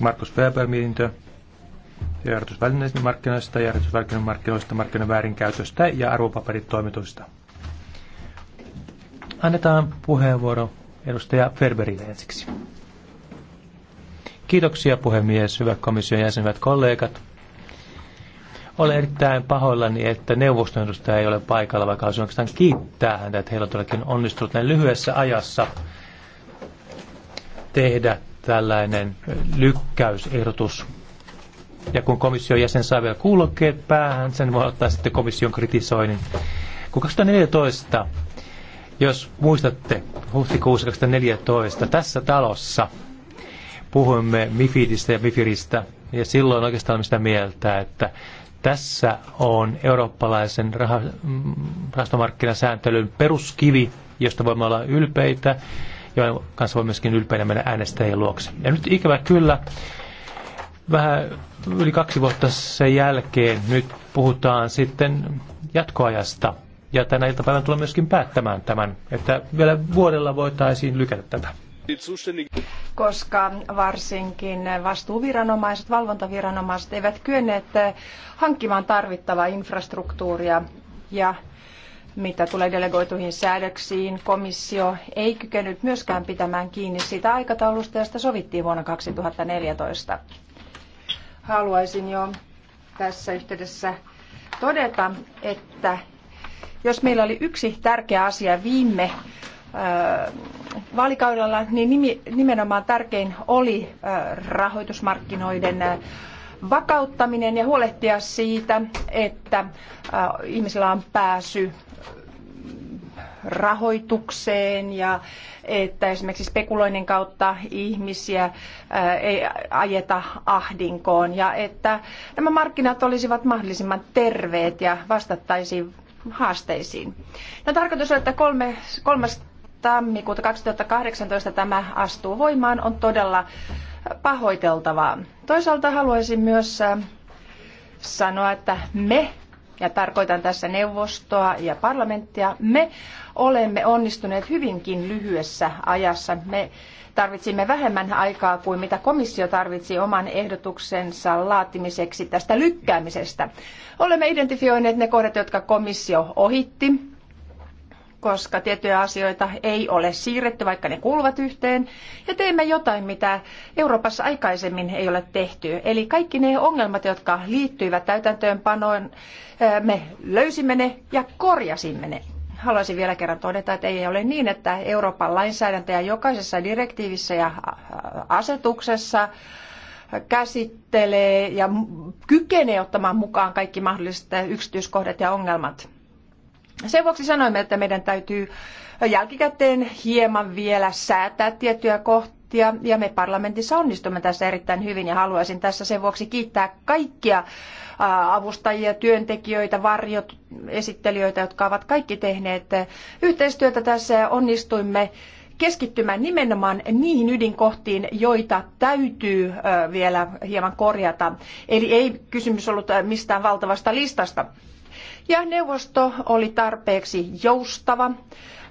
Markus Weber mietintö järjestysvälineiden markkinoista, järjestysvälineiden markkinoista, väärinkäytöstä ja arvopaperitoimituista. Annetaan puheenvuoro edustaja Ferberille ensiksi. Kiitoksia puhemies, hyvät komission jäsenet, kollegat. Olen erittäin pahoillani, että neuvoston edustaja ei ole paikalla, vaikka haluaisin oikeastaan kiittää häntä, että heillä on todellakin onnistunut näin lyhyessä ajassa tehdä tällainen lykkäysehdotus. Ja kun komission jäsen saa vielä kuulokkeet päähän, sen voi ottaa sitten komission kritisoinnin. Kun 2014, jos muistatte, huhtikuussa 2014 tässä talossa puhuimme Mifidistä ja Mifiristä, ja silloin oikeastaan olemme sitä mieltä, että tässä on eurooppalaisen mm, rahastomarkkinasääntelyn peruskivi, josta voimme olla ylpeitä, joiden kanssa voi myöskin ylpeänä mennä äänestäjien luokse. Ja nyt ikävä kyllä, vähän yli kaksi vuotta sen jälkeen nyt puhutaan sitten jatkoajasta. Ja tänä iltapäivänä tulee myöskin päättämään tämän, että vielä vuodella voitaisiin lykätä tätä koska varsinkin vastuuviranomaiset, valvontaviranomaiset eivät kyenneet hankkimaan tarvittavaa infrastruktuuria ja mitä tulee delegoituihin säädöksiin, komissio ei kykenyt myöskään pitämään kiinni siitä aikataulusta, josta sovittiin vuonna 2014. Haluaisin jo tässä yhteydessä todeta, että jos meillä oli yksi tärkeä asia viime vaalikaudella, niin nimenomaan tärkein oli rahoitusmarkkinoiden vakauttaminen ja huolehtia siitä, että ihmisillä on pääsy rahoitukseen ja että esimerkiksi spekuloinnin kautta ihmisiä ei ajeta ahdinkoon ja että nämä markkinat olisivat mahdollisimman terveet ja vastattaisiin haasteisiin. No, tarkoitus on, että kolme, kolmas tammikuuta 2018 tämä astuu voimaan, on todella pahoiteltavaa. Toisaalta haluaisin myös sanoa, että me ja tarkoitan tässä neuvostoa ja parlamenttia, me olemme onnistuneet hyvinkin lyhyessä ajassa. Me tarvitsimme vähemmän aikaa kuin mitä komissio tarvitsi oman ehdotuksensa laatimiseksi tästä lykkäämisestä. Olemme identifioineet ne kohdat, jotka komissio ohitti koska tiettyjä asioita ei ole siirretty, vaikka ne kuuluvat yhteen, ja teemme jotain, mitä Euroopassa aikaisemmin ei ole tehty. Eli kaikki ne ongelmat, jotka liittyivät täytäntöönpanoon, me löysimme ne ja korjasimme ne. Haluaisin vielä kerran todeta, että ei ole niin, että Euroopan ja jokaisessa direktiivissä ja asetuksessa käsittelee ja kykenee ottamaan mukaan kaikki mahdolliset yksityiskohdat ja ongelmat. Sen vuoksi sanoimme, että meidän täytyy jälkikäteen hieman vielä säätää tiettyjä kohtia, ja me parlamentissa onnistumme tässä erittäin hyvin, ja haluaisin tässä sen vuoksi kiittää kaikkia avustajia, työntekijöitä, varjot, esittelijöitä, jotka ovat kaikki tehneet yhteistyötä tässä, ja onnistuimme keskittymään nimenomaan niihin ydinkohtiin, joita täytyy vielä hieman korjata. Eli ei kysymys ollut mistään valtavasta listasta. Ja neuvosto oli tarpeeksi joustava.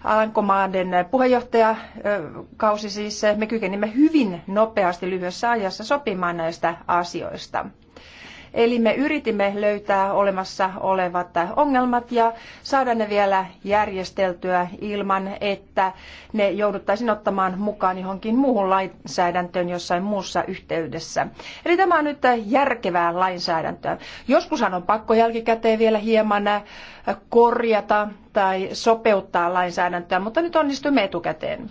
Alankomaiden puheenjohtajakausi siis, me kykenimme hyvin nopeasti lyhyessä ajassa sopimaan näistä asioista. Eli me yritimme löytää olemassa olevat ongelmat ja saada ne vielä järjesteltyä ilman, että ne jouduttaisiin ottamaan mukaan johonkin muuhun lainsäädäntöön jossain muussa yhteydessä. Eli tämä on nyt järkevää lainsäädäntöä. Joskushan on pakko jälkikäteen vielä hieman korjata tai sopeuttaa lainsäädäntöä, mutta nyt onnistumme etukäteen.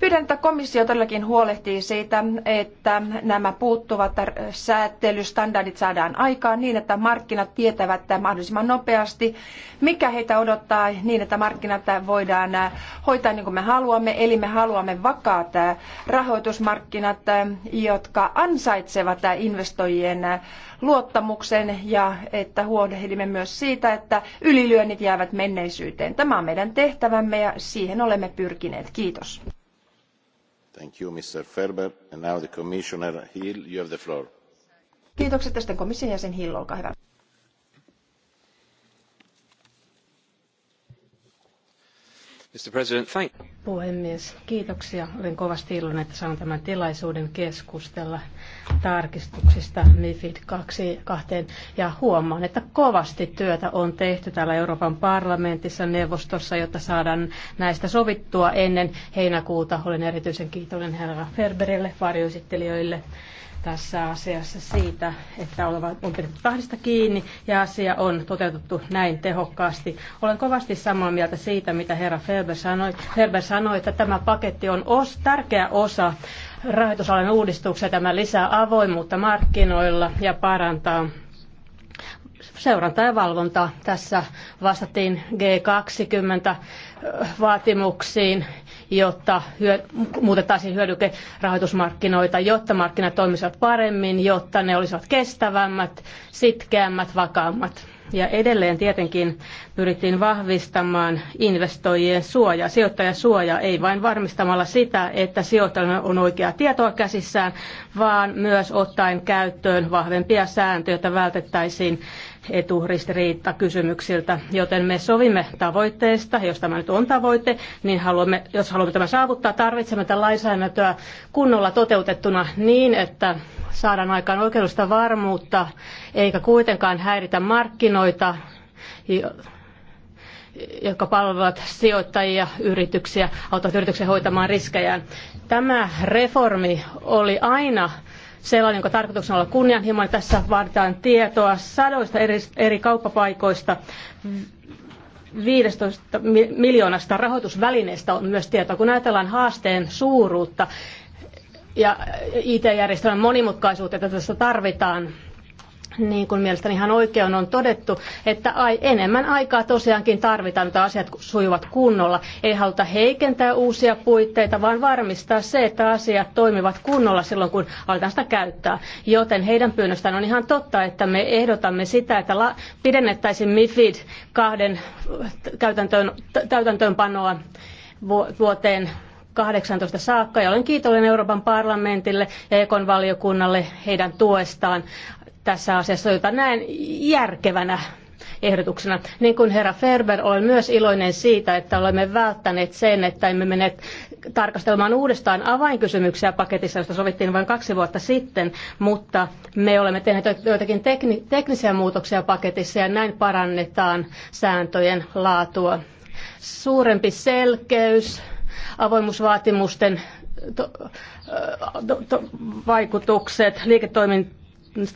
Pyydän, että komissio todellakin huolehtii siitä, että nämä puuttuvat säätelystandardit saadaan aikaan niin, että markkinat tietävät mahdollisimman nopeasti, mikä heitä odottaa niin, että markkinat voidaan hoitaa niin kuin me haluamme. Eli me haluamme vakaat rahoitusmarkkinat, jotka ansaitsevat investoijien luottamuksen ja että huolehdimme myös siitä, että ylilyönnit jäävät menneisyyteen. Tämä on meidän tehtävämme ja siihen olemme pyrkineet. Kiitos. Kiitoksia Kiitokset tästä komission jäsen Hill, olkaa hyvä. Puhemies, kiitoksia. Olen kovasti iloinen, että saan tämän tilaisuuden keskustella tarkistuksista MIFID 2, 2 ja huomaan, että kovasti työtä on tehty täällä Euroopan parlamentissa, neuvostossa, jotta saadaan näistä sovittua ennen heinäkuuta. Olen erityisen kiitollinen herra Ferberille, varjoesittelijöille tässä asiassa siitä, että on pidetty tahdista kiinni ja asia on toteutettu näin tehokkaasti. Olen kovasti samaa mieltä siitä, mitä herra Felber sanoi, Felber sanoi että tämä paketti on os, tärkeä osa rahoitusalan uudistuksia. Tämä lisää avoimuutta markkinoilla ja parantaa seuranta ja valvonta. Tässä vastattiin G20-vaatimuksiin jotta hyö, muutettaisiin hyödykerahoitusmarkkinoita, jotta markkinat toimisivat paremmin, jotta ne olisivat kestävämmät, sitkeämmät, vakaammat. Ja edelleen tietenkin pyrittiin vahvistamaan investoijien suojaa, suojaa ei vain varmistamalla sitä, että sijoittajalla on oikeaa tietoa käsissään, vaan myös ottaen käyttöön vahvempia sääntöjä, että vältettäisiin eturistiriitta kysymyksiltä, joten me sovimme tavoitteesta, jos tämä nyt on tavoite, niin haluamme, jos haluamme tämä saavuttaa, tarvitsemme tätä lainsäädäntöä kunnolla toteutettuna niin, että saadaan aikaan oikeudellista varmuutta, eikä kuitenkaan häiritä markkinoita, jotka palvelevat sijoittajia, yrityksiä, auttavat yrityksiä hoitamaan riskejään. Tämä reformi oli aina sellainen, jonka tarkoituksena on olla kunnianhimoinen. Tässä vaaditaan tietoa sadoista eri, eri kauppapaikoista. 15 miljoonasta rahoitusvälineestä on myös tietoa. Kun ajatellaan haasteen suuruutta ja IT-järjestelmän monimutkaisuutta, että tässä tarvitaan niin kuin mielestäni ihan oikein on todettu, että ai, enemmän aikaa tosiaankin tarvitaan, että asiat sujuvat kunnolla. Ei haluta heikentää uusia puitteita, vaan varmistaa se, että asiat toimivat kunnolla silloin, kun aletaan sitä käyttää. Joten heidän pyynnöstään on ihan totta, että me ehdotamme sitä, että la- pidennettäisiin MIFID kahden käytäntöön, täytäntöönpanoa vuoteen 18 saakka ja olen kiitollinen Euroopan parlamentille ja Ekon valiokunnalle heidän tuestaan tässä asiassa, jota näen järkevänä ehdotuksena. Niin kuin herra Ferber, olen myös iloinen siitä, että olemme välttäneet sen, että emme mene tarkastelemaan uudestaan avainkysymyksiä paketissa, josta sovittiin vain kaksi vuotta sitten, mutta me olemme tehneet joitakin teknisiä muutoksia paketissa ja näin parannetaan sääntöjen laatua. Suurempi selkeys, avoimuusvaatimusten to, to, to, vaikutukset, liiketoiminta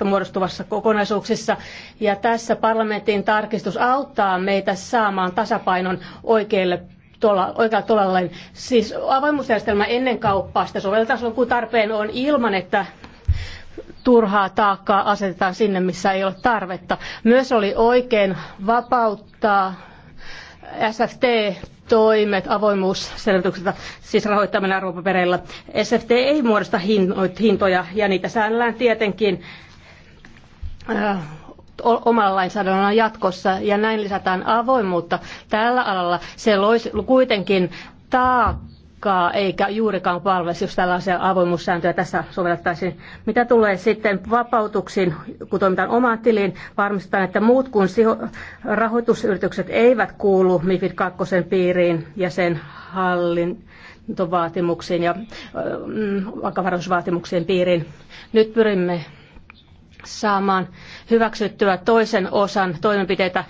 muodostuvassa kokonaisuuksissa. Ja tässä parlamentin tarkistus auttaa meitä saamaan tasapainon oikeille tuolla, oikealla tolalle. Siis avoimuusjärjestelmä ennen kauppaa sitä sovelletaan silloin, kun tarpeen on ilman, että turhaa taakkaa asetetaan sinne, missä ei ole tarvetta. Myös oli oikein vapauttaa SFT-toimet avoimuusselvitykseltä, siis rahoittaminen arvopapereilla. SFT ei muodosta hintoja ja niitä säännellään tietenkin omalla lainsäädännöllä jatkossa ja näin lisätään avoimuutta tällä alalla. Se loisi kuitenkin taakkaa eikä juurikaan palvelisi, jos tällaisia avoimuussääntöjä tässä sovellettaisiin. Mitä tulee sitten vapautuksiin, kun toimitaan omaan tiliin, varmistetaan, että muut kuin rahoitusyritykset eivät kuulu MIFID 2 piiriin ja sen hallin, vaatimuksiin ja mm, vakavaraisuusvaatimuksien piiriin. Nyt pyrimme saamaan hyväksyttyä toisen osan toimenpiteitä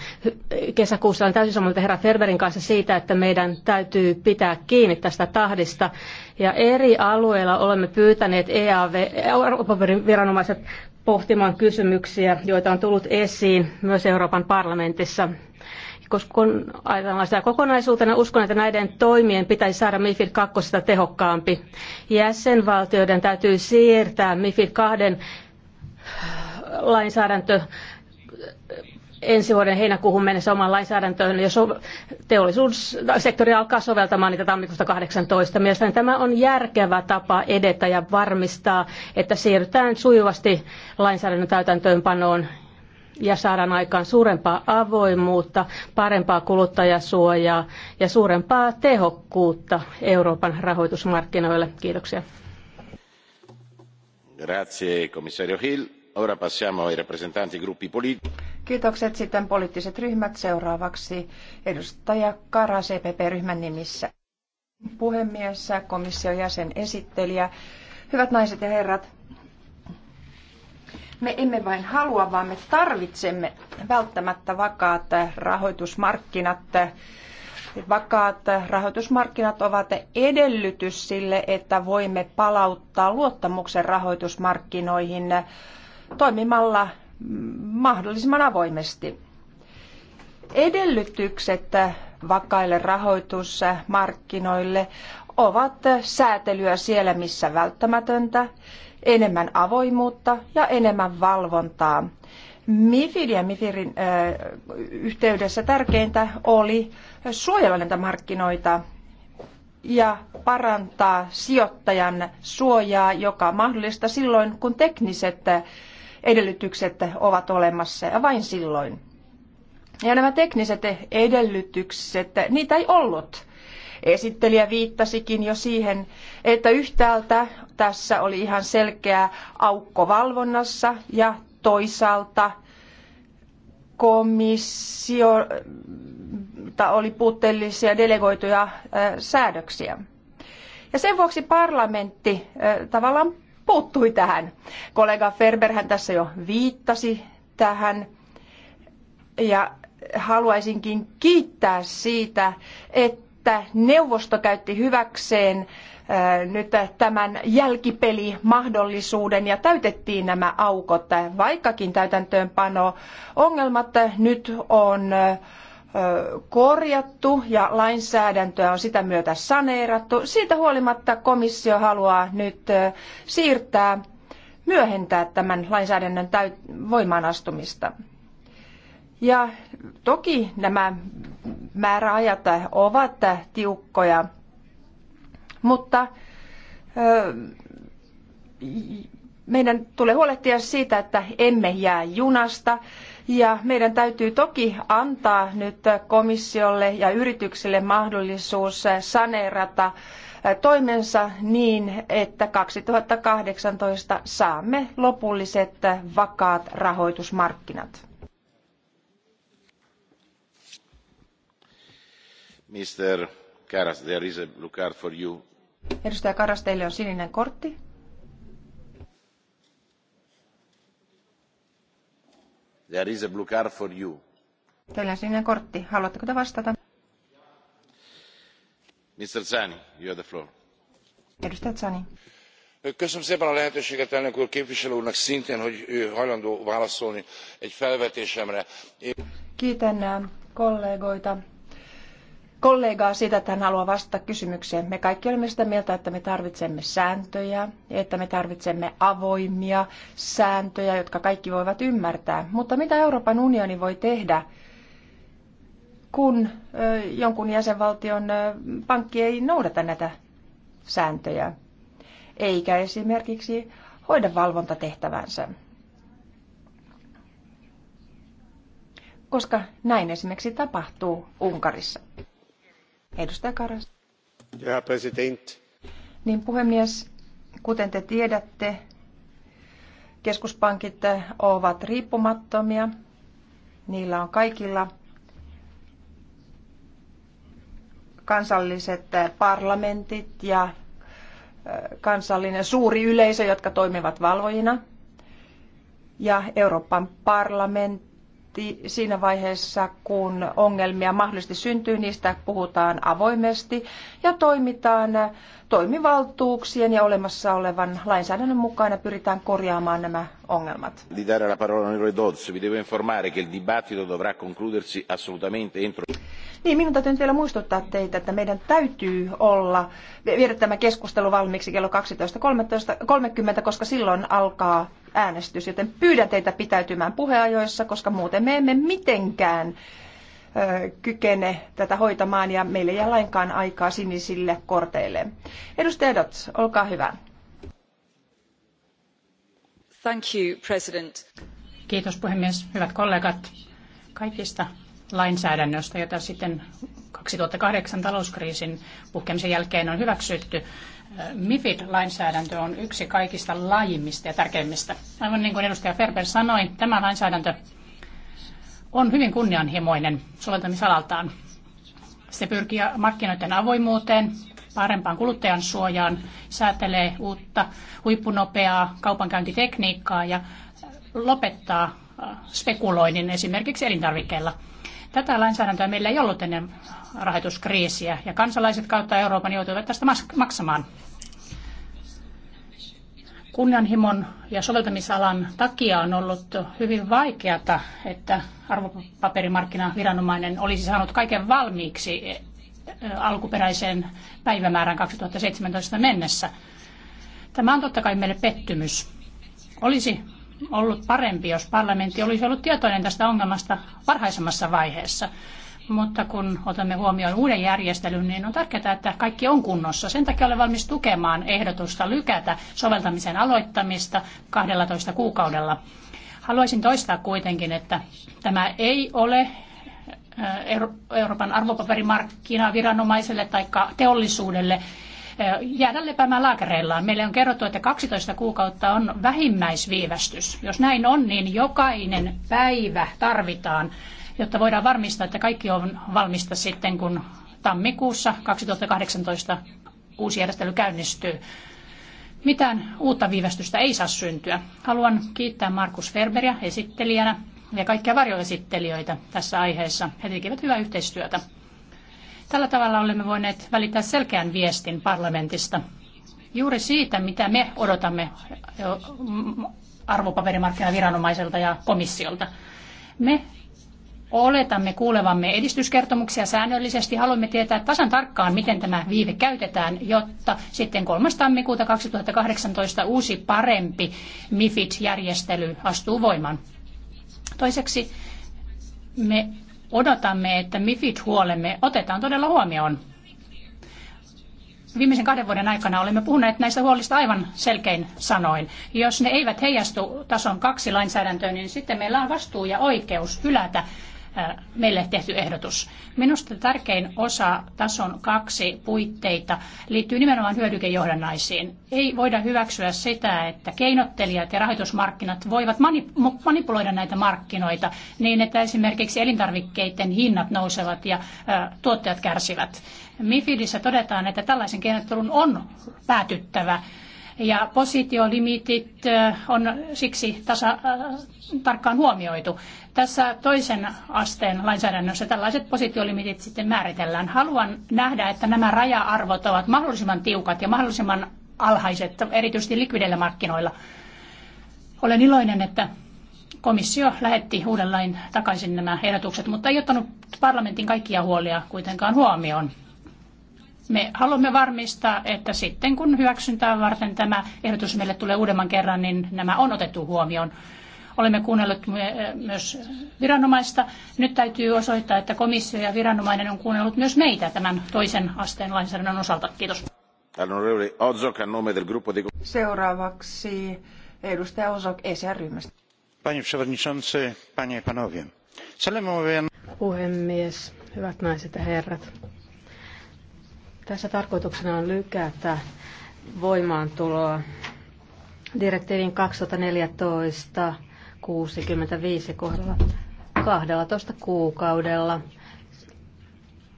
kesäkuussa. Olen täysin samoin herra Ferberin kanssa siitä, että meidän täytyy pitää kiinni tästä tahdista. Ja eri alueilla olemme pyytäneet EAV, Euroopan viranomaiset pohtimaan kysymyksiä, joita on tullut esiin myös Euroopan parlamentissa koska kun ajatellaan sitä kokonaisuutena, uskon, että näiden toimien pitäisi saada MIFID 2 tehokkaampi. Jäsenvaltioiden täytyy siirtää MIFID 2 lainsäädäntö ensi vuoden heinäkuuhun mennessä omaan lainsäädäntöön, jos teollisuussektori alkaa soveltamaan niitä tammikuusta 18. Mielestäni tämä on järkevä tapa edetä ja varmistaa, että siirrytään sujuvasti lainsäädännön täytäntöönpanoon ja saadaan aikaan suurempaa avoimuutta, parempaa kuluttajasuojaa ja suurempaa tehokkuutta Euroopan rahoitusmarkkinoille. Kiitoksia. Grazie, komissario Hill. Ora passiamo ai rappresentanti gruppi politici. Kiitokset sitten poliittiset ryhmät. Seuraavaksi edustaja Kara CPP-ryhmän e nimissä. Puhemies, komission jäsen esittelijä. Hyvät naiset ja herrat, me emme vain halua, vaan me tarvitsemme välttämättä vakaat rahoitusmarkkinat. Vakaat rahoitusmarkkinat ovat edellytys sille, että voimme palauttaa luottamuksen rahoitusmarkkinoihin toimimalla mahdollisimman avoimesti. Edellytykset vakaille rahoitusmarkkinoille ovat säätelyä siellä, missä välttämätöntä, enemmän avoimuutta ja enemmän valvontaa. MIFID ja MIFIRin yhteydessä tärkeintä oli suojella näitä markkinoita ja parantaa sijoittajan suojaa, joka mahdollista silloin, kun tekniset edellytykset ovat olemassa ja vain silloin. Ja nämä tekniset edellytykset, niitä ei ollut. Esittelijä viittasikin jo siihen, että yhtäältä tässä oli ihan selkeä aukko valvonnassa ja toisaalta komissio oli puutteellisia delegoituja säädöksiä. Ja sen vuoksi parlamentti tavallaan puuttui tähän. Kollega Ferberhän tässä jo viittasi tähän. Ja haluaisinkin kiittää siitä, että neuvosto käytti hyväkseen äh, nyt tämän jälkipelimahdollisuuden ja täytettiin nämä aukot, vaikkakin täytäntöönpano ongelmat nyt on äh, korjattu ja lainsäädäntöä on sitä myötä saneerattu. Siitä huolimatta komissio haluaa nyt siirtää, myöhentää tämän lainsäädännön täyt- voimaanastumista. Ja toki nämä määräajat ovat tiukkoja, mutta meidän tulee huolehtia siitä, että emme jää junasta ja meidän täytyy toki antaa nyt komissiolle ja yrityksille mahdollisuus saneerata toimensa niin, että 2018 saamme lopulliset vakaat rahoitusmarkkinat. Mr. Karas, there is a blue card for you. Edustaja Karas, teille on sininen kortti. There is a blue card for you. Teillä on sininen kortti. Haluatteko te vastata? Mr. Zani, you have the floor. Edustaja Zani. Köszönöm szépen a lehetőséget, elnök úr, képviselő úrnak szintén, hogy ő hajlandó válaszolni egy felvetésemre. Kiitän kollegoita kollegaa siitä, että hän haluaa vastata kysymykseen. Me kaikki olemme sitä mieltä, että me tarvitsemme sääntöjä, että me tarvitsemme avoimia sääntöjä, jotka kaikki voivat ymmärtää. Mutta mitä Euroopan unioni voi tehdä, kun jonkun jäsenvaltion pankki ei noudata näitä sääntöjä, eikä esimerkiksi hoida valvontatehtävänsä? koska näin esimerkiksi tapahtuu Unkarissa arvoisa Karas. Niin puhemies, kuten te tiedätte, keskuspankit ovat riippumattomia. Niillä on kaikilla kansalliset parlamentit ja kansallinen suuri yleisö, jotka toimivat valvojina. Ja Euroopan parlamentti siinä vaiheessa, kun ongelmia mahdollisesti syntyy, niistä puhutaan avoimesti ja toimitaan toimivaltuuksien ja olemassa olevan lainsäädännön mukainen pyritään korjaamaan nämä ongelmat. Niin, minun täytyy vielä muistuttaa teitä, että meidän täytyy olla, viedä tämä keskustelu valmiiksi kello 12.30, koska silloin alkaa äänestys, joten pyydän teitä pitäytymään puheajoissa, koska muuten me emme mitenkään kykene tätä hoitamaan ja meillä ei jää lainkaan aikaa sinisille korteille. Edustaja Dots, olkaa hyvä. Thank you, President. Kiitos puhemies. Hyvät kollegat, kaikista lainsäädännöstä, jota sitten 2008 talouskriisin puhkemisen jälkeen on hyväksytty. MIFID-lainsäädäntö on yksi kaikista laajimmista ja tärkeimmistä. Aivan niin kuin edustaja Ferber sanoi, tämä lainsäädäntö on hyvin kunnianhimoinen soveltamisalaltaan. Se pyrkii markkinoiden avoimuuteen, parempaan kuluttajan suojaan, säätelee uutta huippunopeaa kaupankäyntitekniikkaa ja lopettaa äh, spekuloinnin esimerkiksi elintarvikkeilla. Tätä lainsäädäntöä meillä ei ollut ennen rahoituskriisiä ja kansalaiset kautta Euroopan joutuivat tästä maksamaan kunnianhimon ja soveltamisalan takia on ollut hyvin vaikeata, että arvopaperimarkkinaviranomainen olisi saanut kaiken valmiiksi eh, eh, alkuperäiseen päivämäärään 2017 mennessä. Tämä on totta kai meille pettymys. Olisi ollut parempi, jos parlamentti olisi ollut tietoinen tästä ongelmasta varhaisemmassa vaiheessa mutta kun otamme huomioon uuden järjestelyn, niin on tärkeää, että kaikki on kunnossa. Sen takia olen valmis tukemaan ehdotusta lykätä soveltamisen aloittamista 12 kuukaudella. Haluaisin toistaa kuitenkin, että tämä ei ole äh, Euroopan arvopaperimarkkinaviranomaiselle tai teollisuudelle äh, jäädä lepäämään laakereillaan. Meille on kerrottu, että 12 kuukautta on vähimmäisviivästys. Jos näin on, niin jokainen päivä tarvitaan jotta voidaan varmistaa, että kaikki on valmista sitten, kun tammikuussa 2018 uusi järjestely käynnistyy. Mitään uutta viivästystä ei saa syntyä. Haluan kiittää Markus Ferberia esittelijänä ja kaikkia varjoesittelijöitä tässä aiheessa. He tekivät hyvää yhteistyötä. Tällä tavalla olemme voineet välittää selkeän viestin parlamentista juuri siitä, mitä me odotamme arvopaperimarkkinaviranomaiselta ja komissiolta. Me oletamme kuulevamme edistyskertomuksia säännöllisesti. Haluamme tietää tasan tarkkaan, miten tämä viive käytetään, jotta sitten 3. tammikuuta 2018 uusi parempi MIFID-järjestely astuu voimaan. Toiseksi me odotamme, että MIFID-huolemme otetaan todella huomioon. Viimeisen kahden vuoden aikana olemme puhuneet näistä huolista aivan selkein sanoin. Jos ne eivät heijastu tason kaksi lainsäädäntöön, niin sitten meillä on vastuu ja oikeus hylätä meille tehty ehdotus. Minusta tärkein osa tason kaksi puitteita liittyy nimenomaan hyödykejohdannaisiin. Ei voida hyväksyä sitä, että keinottelijat ja rahoitusmarkkinat voivat manipuloida näitä markkinoita niin, että esimerkiksi elintarvikkeiden hinnat nousevat ja tuottajat kärsivät. MIFIDissä todetaan, että tällaisen keinottelun on päätyttävä ja positiolimitit on siksi tasa, tarkkaan huomioitu. Tässä toisen asteen lainsäädännössä tällaiset positiolimitit sitten määritellään. Haluan nähdä, että nämä raja-arvot ovat mahdollisimman tiukat ja mahdollisimman alhaiset, erityisesti likvideillä markkinoilla. Olen iloinen, että komissio lähetti uuden lain takaisin nämä ehdotukset, mutta ei ottanut parlamentin kaikkia huolia kuitenkaan huomioon. Me haluamme varmistaa, että sitten kun hyväksyntää varten tämä ehdotus meille tulee uudemman kerran, niin nämä on otettu huomioon. Olemme kuunnelleet myös viranomaista. Nyt täytyy osoittaa, että komissio ja viranomainen on kuunnellut myös meitä tämän toisen asteen lainsäädännön osalta. Kiitos. Seuraavaksi edustaja Ozok ECR-ryhmästä. Panie przewodniczący, panie panowie. Puhemies, hyvät naiset ja herrat tässä tarkoituksena on lykätä voimaantuloa direktiivin 2014 65 kohdalla 12 kuukaudella.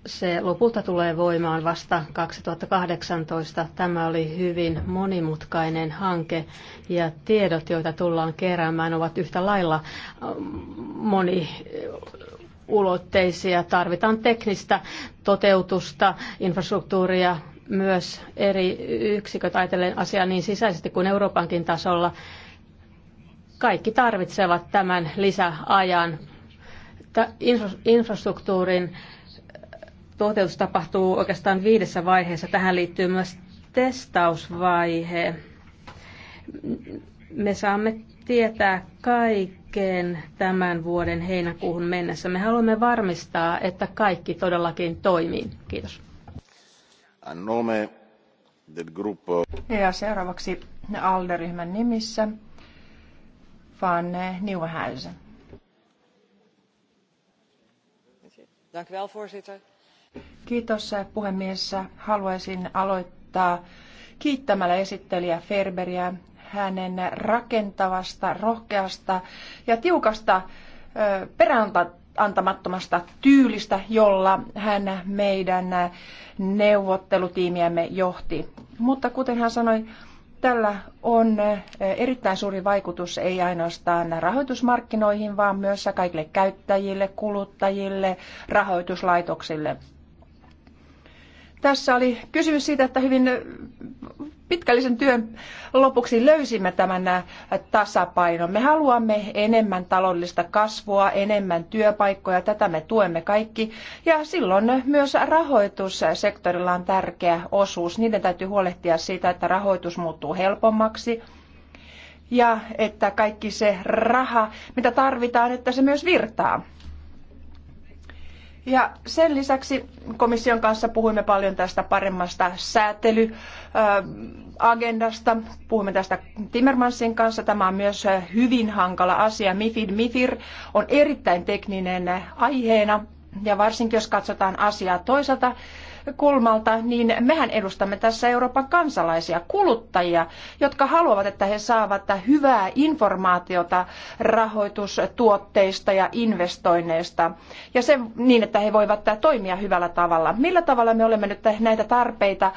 Se lopulta tulee voimaan vasta 2018. Tämä oli hyvin monimutkainen hanke ja tiedot, joita tullaan keräämään, ovat yhtä lailla äh, moni ulotteisia. Tarvitaan teknistä toteutusta, infrastruktuuria, myös eri yksiköt ajatellen asiaa niin sisäisesti kuin Euroopankin tasolla. Kaikki tarvitsevat tämän lisäajan. Infrastruktuurin toteutus tapahtuu oikeastaan viidessä vaiheessa. Tähän liittyy myös testausvaihe. Me saamme tietää kaikki kaikkeen tämän vuoden heinäkuuhun mennessä. Me haluamme varmistaa, että kaikki todellakin toimii. Kiitos. Ja seuraavaksi ALDE-ryhmän nimissä van Nieuwenhuizen. Kiitos puhemies. Haluaisin aloittaa kiittämällä esittelijä Ferberiä hänen rakentavasta, rohkeasta ja tiukasta peräantamattomasta tyylistä, jolla hän meidän neuvottelutiimiämme johti. Mutta kuten hän sanoi, tällä on erittäin suuri vaikutus ei ainoastaan rahoitusmarkkinoihin, vaan myös kaikille käyttäjille, kuluttajille, rahoituslaitoksille. Tässä oli kysymys siitä, että hyvin pitkällisen työn lopuksi löysimme tämän äh, tasapainon. Me haluamme enemmän taloudellista kasvua, enemmän työpaikkoja, tätä me tuemme kaikki. Ja silloin myös rahoitussektorilla on tärkeä osuus. Niiden täytyy huolehtia siitä, että rahoitus muuttuu helpommaksi ja että kaikki se raha, mitä tarvitaan, että se myös virtaa. Ja sen lisäksi komission kanssa puhuimme paljon tästä paremmasta säätelyagendasta. Puhumme tästä Timmermansin kanssa. Tämä on myös hyvin hankala asia. MIFID MIFIR on erittäin tekninen aiheena. Ja varsinkin jos katsotaan asiaa toisaalta kulmalta, niin mehän edustamme tässä Euroopan kansalaisia, kuluttajia, jotka haluavat, että he saavat hyvää informaatiota rahoitustuotteista ja investoinneista, ja se niin, että he voivat toimia hyvällä tavalla. Millä tavalla me olemme nyt näitä tarpeita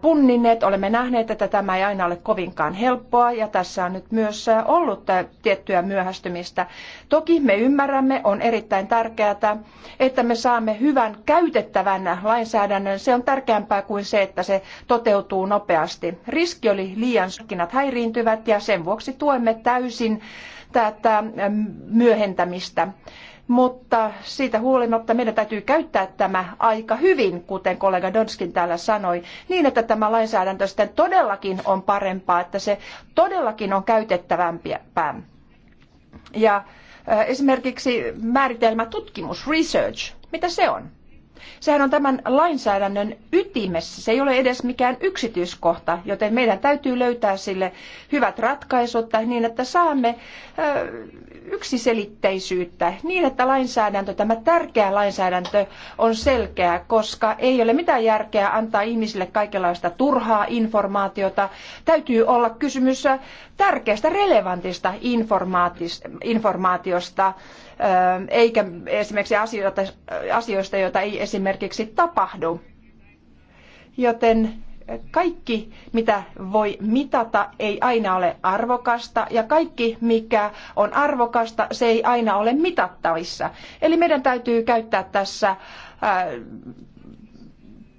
punninneet? Olemme nähneet, että tämä ei aina ole kovinkaan helppoa, ja tässä on nyt myös ollut tiettyä myöhästymistä. Toki me ymmärrämme, on erittäin tärkeää, että me saamme hyvän käytettävän lainsäädännön, lainsäädännön, se on tärkeämpää kuin se, että se toteutuu nopeasti. Riski oli liian sukkinat häiriintyvät ja sen vuoksi tuemme täysin tätä myöhentämistä. Mutta siitä huolimatta meidän täytyy käyttää tämä aika hyvin, kuten kollega Donskin täällä sanoi, niin että tämä lainsäädäntö sitten todellakin on parempaa, että se todellakin on käytettävämpää. Ja esimerkiksi määritelmä tutkimus, research, mitä se on? Sehän on tämän lainsäädännön ytimessä. Se ei ole edes mikään yksityiskohta, joten meidän täytyy löytää sille hyvät ratkaisut niin, että saamme ö, yksiselitteisyyttä niin, että lainsäädäntö, tämä tärkeä lainsäädäntö on selkeä, koska ei ole mitään järkeä antaa ihmisille kaikenlaista turhaa informaatiota. Täytyy olla kysymys tärkeästä, relevantista informaatiosta Öö, eikä esimerkiksi asioita, asioista, joita ei esimerkiksi tapahdu. Joten kaikki, mitä voi mitata, ei aina ole arvokasta ja kaikki, mikä on arvokasta, se ei aina ole mitattavissa. Eli meidän täytyy käyttää tässä öö,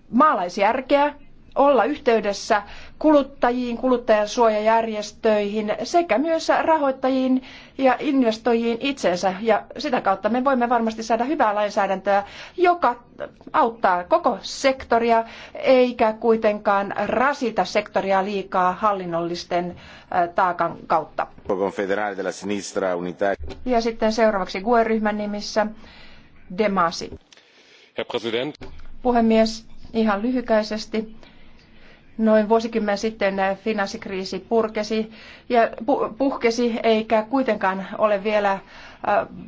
maalaisjärkeä, olla yhteydessä kuluttajiin, kuluttajansuojajärjestöihin sekä myös rahoittajiin ja investoijiin itseensä. Ja sitä kautta me voimme varmasti saada hyvää lainsäädäntöä, joka auttaa koko sektoria eikä kuitenkaan rasita sektoria liikaa hallinnollisten taakan kautta. Ja sitten seuraavaksi GUE-ryhmän nimissä Demasi. Puhemies, ihan lyhykäisesti Noin vuosikymmen sitten finanssikriisi purkesi ja pu- puhkesi, eikä kuitenkaan ole vielä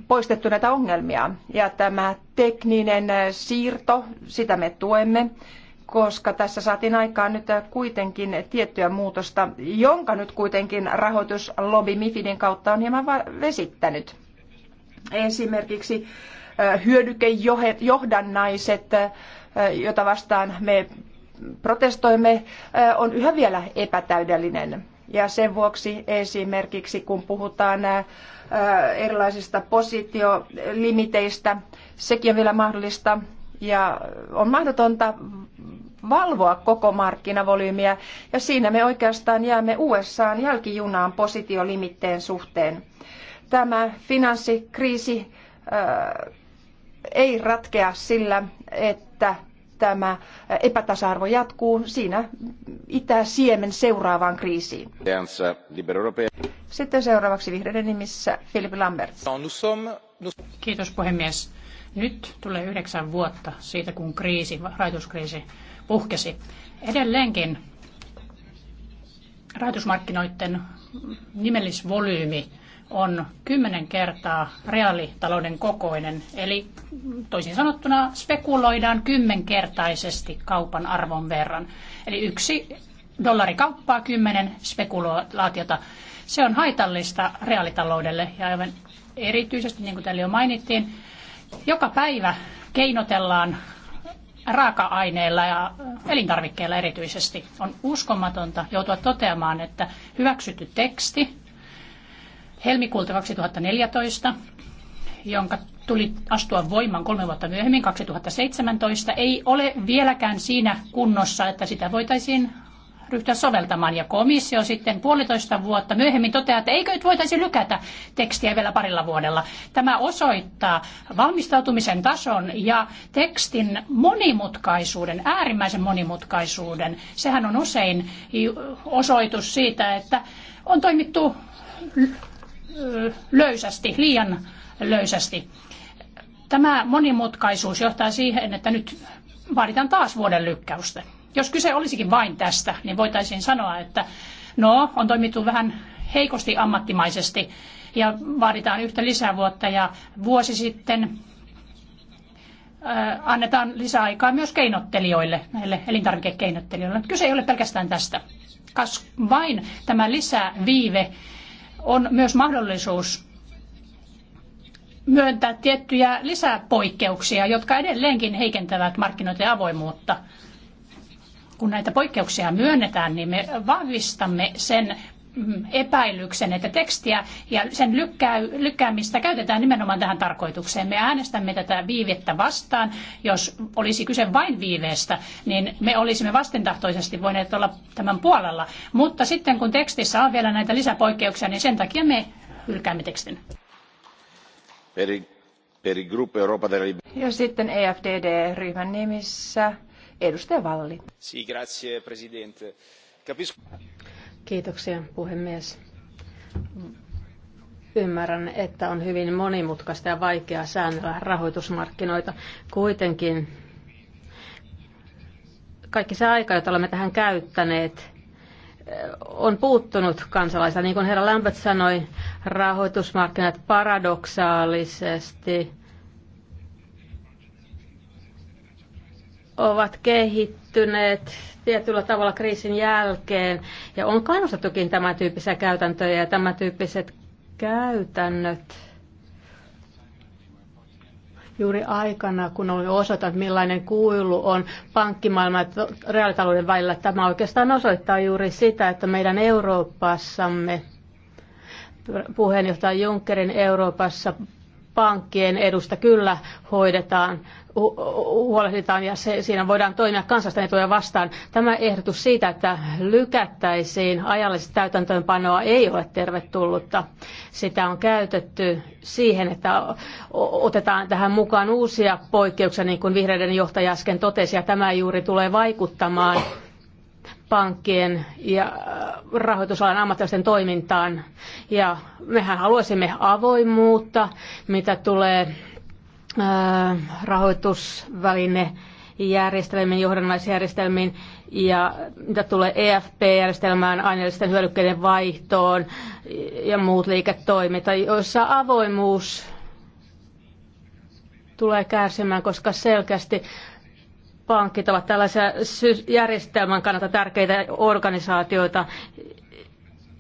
poistettu näitä ongelmia. Ja tämä tekninen siirto, sitä me tuemme koska tässä saatiin aikaan nyt kuitenkin tiettyä muutosta, jonka nyt kuitenkin rahoituslobby Mifidin kautta on hieman vesittänyt. Esimerkiksi hyödykejohdannaiset, jota vastaan me protestoimme, eh, on yhä vielä epätäydellinen. Ja sen vuoksi esimerkiksi, kun puhutaan eh, erilaisista positiolimiteistä, sekin on vielä mahdollista ja on mahdotonta valvoa koko markkinavolyymiä ja siinä me oikeastaan jäämme USAan jälkijunaan positiolimitteen suhteen. Tämä finanssikriisi eh, ei ratkea sillä, että tämä epätasa-arvo jatkuu, siinä itä siemen seuraavaan kriisiin. Sitten seuraavaksi vihreiden nimissä Philip Lambert. No, Kiitos puhemies. Nyt tulee yhdeksän vuotta siitä, kun kriisi, rahoituskriisi puhkesi. Edelleenkin rahoitusmarkkinoiden nimellisvolyymi on kymmenen kertaa reaalitalouden kokoinen. Eli toisin sanottuna spekuloidaan kymmenkertaisesti kaupan arvon verran. Eli yksi dollari kauppaa, kymmenen spekulaatiota. Se on haitallista reaalitaloudelle ja aivan erityisesti, niin kuin täällä jo mainittiin, joka päivä keinotellaan raaka-aineilla ja elintarvikkeilla erityisesti. On uskomatonta joutua toteamaan, että hyväksytty teksti helmikuulta 2014, jonka tuli astua voimaan kolme vuotta myöhemmin, 2017, ei ole vieläkään siinä kunnossa, että sitä voitaisiin ryhtyä soveltamaan. Ja komissio sitten puolitoista vuotta myöhemmin toteaa, että eikö nyt voitaisi lykätä tekstiä vielä parilla vuodella. Tämä osoittaa valmistautumisen tason ja tekstin monimutkaisuuden, äärimmäisen monimutkaisuuden. Sehän on usein osoitus siitä, että on toimittu löysästi, liian löysästi. Tämä monimutkaisuus johtaa siihen, että nyt vaaditaan taas vuoden lykkäystä. Jos kyse olisikin vain tästä, niin voitaisiin sanoa, että no, on toimittu vähän heikosti ammattimaisesti ja vaaditaan yhtä lisävuotta ja vuosi sitten annetaan lisäaikaa myös keinottelijoille, näille elintarvikekeinottelijoille. Kyse ei ole pelkästään tästä. Kas vain tämä lisäviive on myös mahdollisuus myöntää tiettyjä lisäpoikkeuksia, jotka edelleenkin heikentävät markkinoiden avoimuutta. Kun näitä poikkeuksia myönnetään, niin me vahvistamme sen Mm, epäilyksen, että tekstiä ja sen lykkäämistä käytetään nimenomaan tähän tarkoitukseen. Me äänestämme tätä viivettä vastaan. Jos olisi kyse vain viiveestä, niin me olisimme vastentahtoisesti voineet olla tämän puolella. Mutta sitten kun tekstissä on vielä näitä lisäpoikkeuksia, niin sen takia me hylkäämme tekstin. Ja sitten EFDD-ryhmän nimissä edustaja Valli. grazie, presidente. Capisco Kiitoksia puhemies. Ymmärrän, että on hyvin monimutkaista ja vaikeaa säännellä rahoitusmarkkinoita. Kuitenkin kaikki se aika, jota olemme tähän käyttäneet, on puuttunut kansalaisilta. Niin kuin herra Lämpöt sanoi, rahoitusmarkkinat paradoksaalisesti ovat kehittyneet tietyllä tavalla kriisin jälkeen ja on kannustettukin tämän tyyppisiä käytäntöjä ja tämän tyyppiset käytännöt juuri aikana, kun oli osoittanut, millainen kuilu on pankkimaailman ja reaalitalouden välillä. Tämä oikeastaan osoittaa juuri sitä, että meidän Euroopassamme, puheenjohtaja Junckerin Euroopassa pankkien edusta kyllä hoidetaan, hu- huolehditaan ja se, siinä voidaan toimia kansallisten etuja vastaan. Tämä ehdotus siitä, että lykättäisiin ajallisesti täytäntöönpanoa ei ole tervetullutta. Sitä on käytetty siihen, että otetaan tähän mukaan uusia poikkeuksia, niin kuin vihreiden johtaja äsken totesi, ja tämä juuri tulee vaikuttamaan pankkien ja äh, rahoitusalan ammattilaisten toimintaan. Ja mehän haluaisimme avoimuutta, mitä tulee äh, rahoitusväline järjestelmiin, johdannaisjärjestelmiin ja mitä tulee EFP-järjestelmään, aineellisten hyödykkeiden vaihtoon ja muut liiketoiminta, joissa avoimuus tulee kärsimään, koska selkeästi pankit ovat tällaisia järjestelmän kannalta tärkeitä organisaatioita.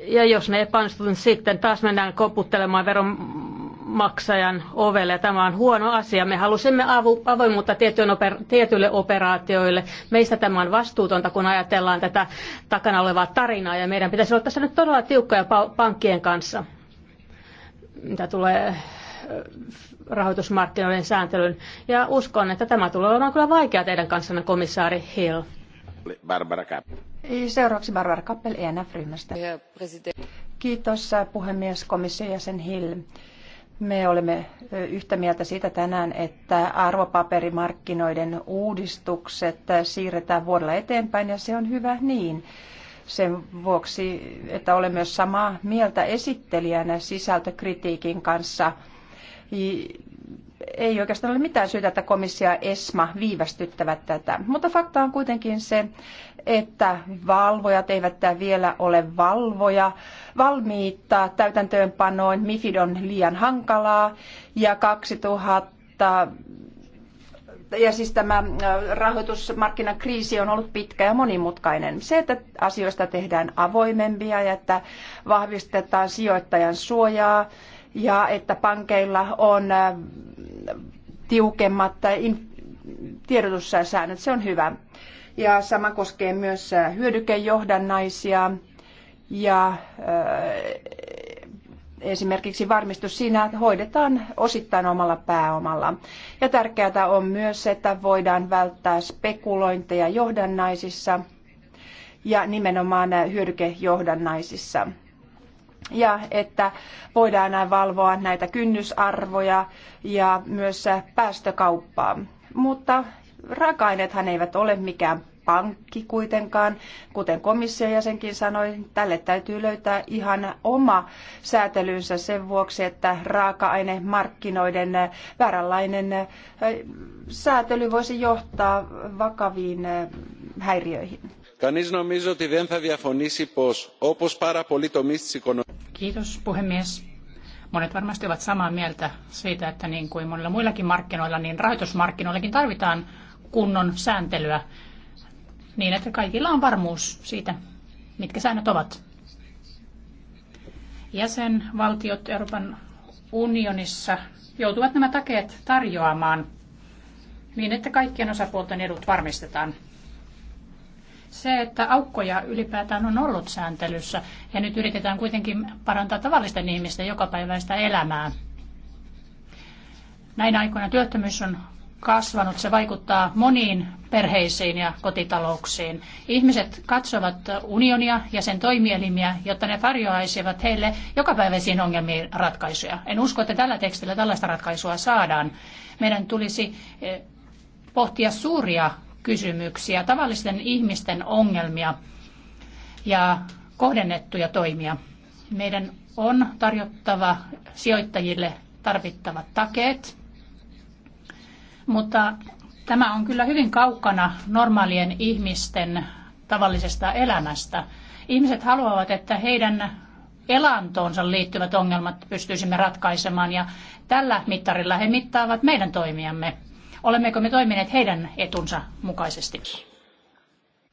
Ja jos ne epäonnistuvat, niin sitten taas mennään koputtelemaan veronmaksajan ovelle. Tämä on huono asia. Me halusimme avoimuutta tietyille operaatioille. Meistä tämä on vastuutonta, kun ajatellaan tätä takana olevaa tarinaa. Ja meidän pitäisi olla tässä nyt todella tiukkoja pankkien kanssa mitä tulee rahoitusmarkkinoiden sääntelyn. Ja uskon, että tämä tulee olemaan kyllä vaikea teidän kanssanne, komissaari Hill. Barbara Kappel. Seuraavaksi Barbara Kappel ENF-ryhmästä. Kiitos äh, puhemies komission jäsen Hill. Me olemme yhtä mieltä siitä tänään, että arvopaperimarkkinoiden uudistukset äh, siirretään vuodella eteenpäin ja se on hyvä niin sen vuoksi, että olen myös samaa mieltä esittelijänä sisältökritiikin kanssa – ei oikeastaan ole mitään syytä, että komissio ja ESMA viivästyttävät tätä. Mutta fakta on kuitenkin se, että valvojat eivät vielä ole valvoja, valmiita täytäntöönpanoon. MIFID on liian hankalaa ja 2000 ja siis tämä äh, rahoitusmarkkinakriisi on ollut pitkä ja monimutkainen. Se, että asioista tehdään avoimempia ja että vahvistetaan sijoittajan suojaa ja että pankeilla on äh, tiukemmat äh, tiedotussäännöt. Se on hyvä. Ja sama koskee myös äh, hyödykejohdannaisia ja esimerkiksi varmistus siinä hoidetaan osittain omalla pääomalla. Ja tärkeää on myös, että voidaan välttää spekulointeja johdannaisissa ja nimenomaan hyödykejohdannaisissa ja että voidaan näin valvoa näitä kynnysarvoja ja myös päästökauppaa. Mutta raaka-aineethan eivät ole mikään pankki kuitenkaan. Kuten komission jäsenkin sanoi, tälle täytyy löytää ihan oma säätelynsä sen vuoksi, että raaka-ainemarkkinoiden vääränlainen säätely voisi johtaa vakaviin häiriöihin. Κανείς νομίζω ότι δεν θα διαφωνήσει πως όπως πάρα πολλοί τομείς της οικονομίας... Kiitos puhemies. Monet varmasti ovat samaa mieltä siitä, että niin kuin monilla muillakin markkinoilla, niin rahoitusmarkkinoillakin tarvitaan kunnon sääntelyä niin, että kaikilla on varmuus siitä, mitkä säännöt ovat. Jäsenvaltiot Euroopan unionissa joutuvat nämä takeet tarjoamaan niin, että kaikkien osapuolten edut varmistetaan se, että aukkoja ylipäätään on ollut sääntelyssä ja nyt yritetään kuitenkin parantaa tavallisten ihmisten jokapäiväistä elämää. Näin aikoina työttömyys on kasvanut. Se vaikuttaa moniin perheisiin ja kotitalouksiin. Ihmiset katsovat unionia ja sen toimielimiä, jotta ne tarjoaisivat heille jokapäiväisiin ongelmiin ratkaisuja. En usko, että tällä tekstillä tällaista ratkaisua saadaan. Meidän tulisi eh, pohtia suuria kysymyksiä, tavallisten ihmisten ongelmia ja kohdennettuja toimia. Meidän on tarjottava sijoittajille tarvittavat takeet, mutta tämä on kyllä hyvin kaukana normaalien ihmisten tavallisesta elämästä. Ihmiset haluavat, että heidän elantoonsa liittyvät ongelmat pystyisimme ratkaisemaan ja tällä mittarilla he mittaavat meidän toimiamme. Olemmeko me toimineet heidän etunsa mukaisesti?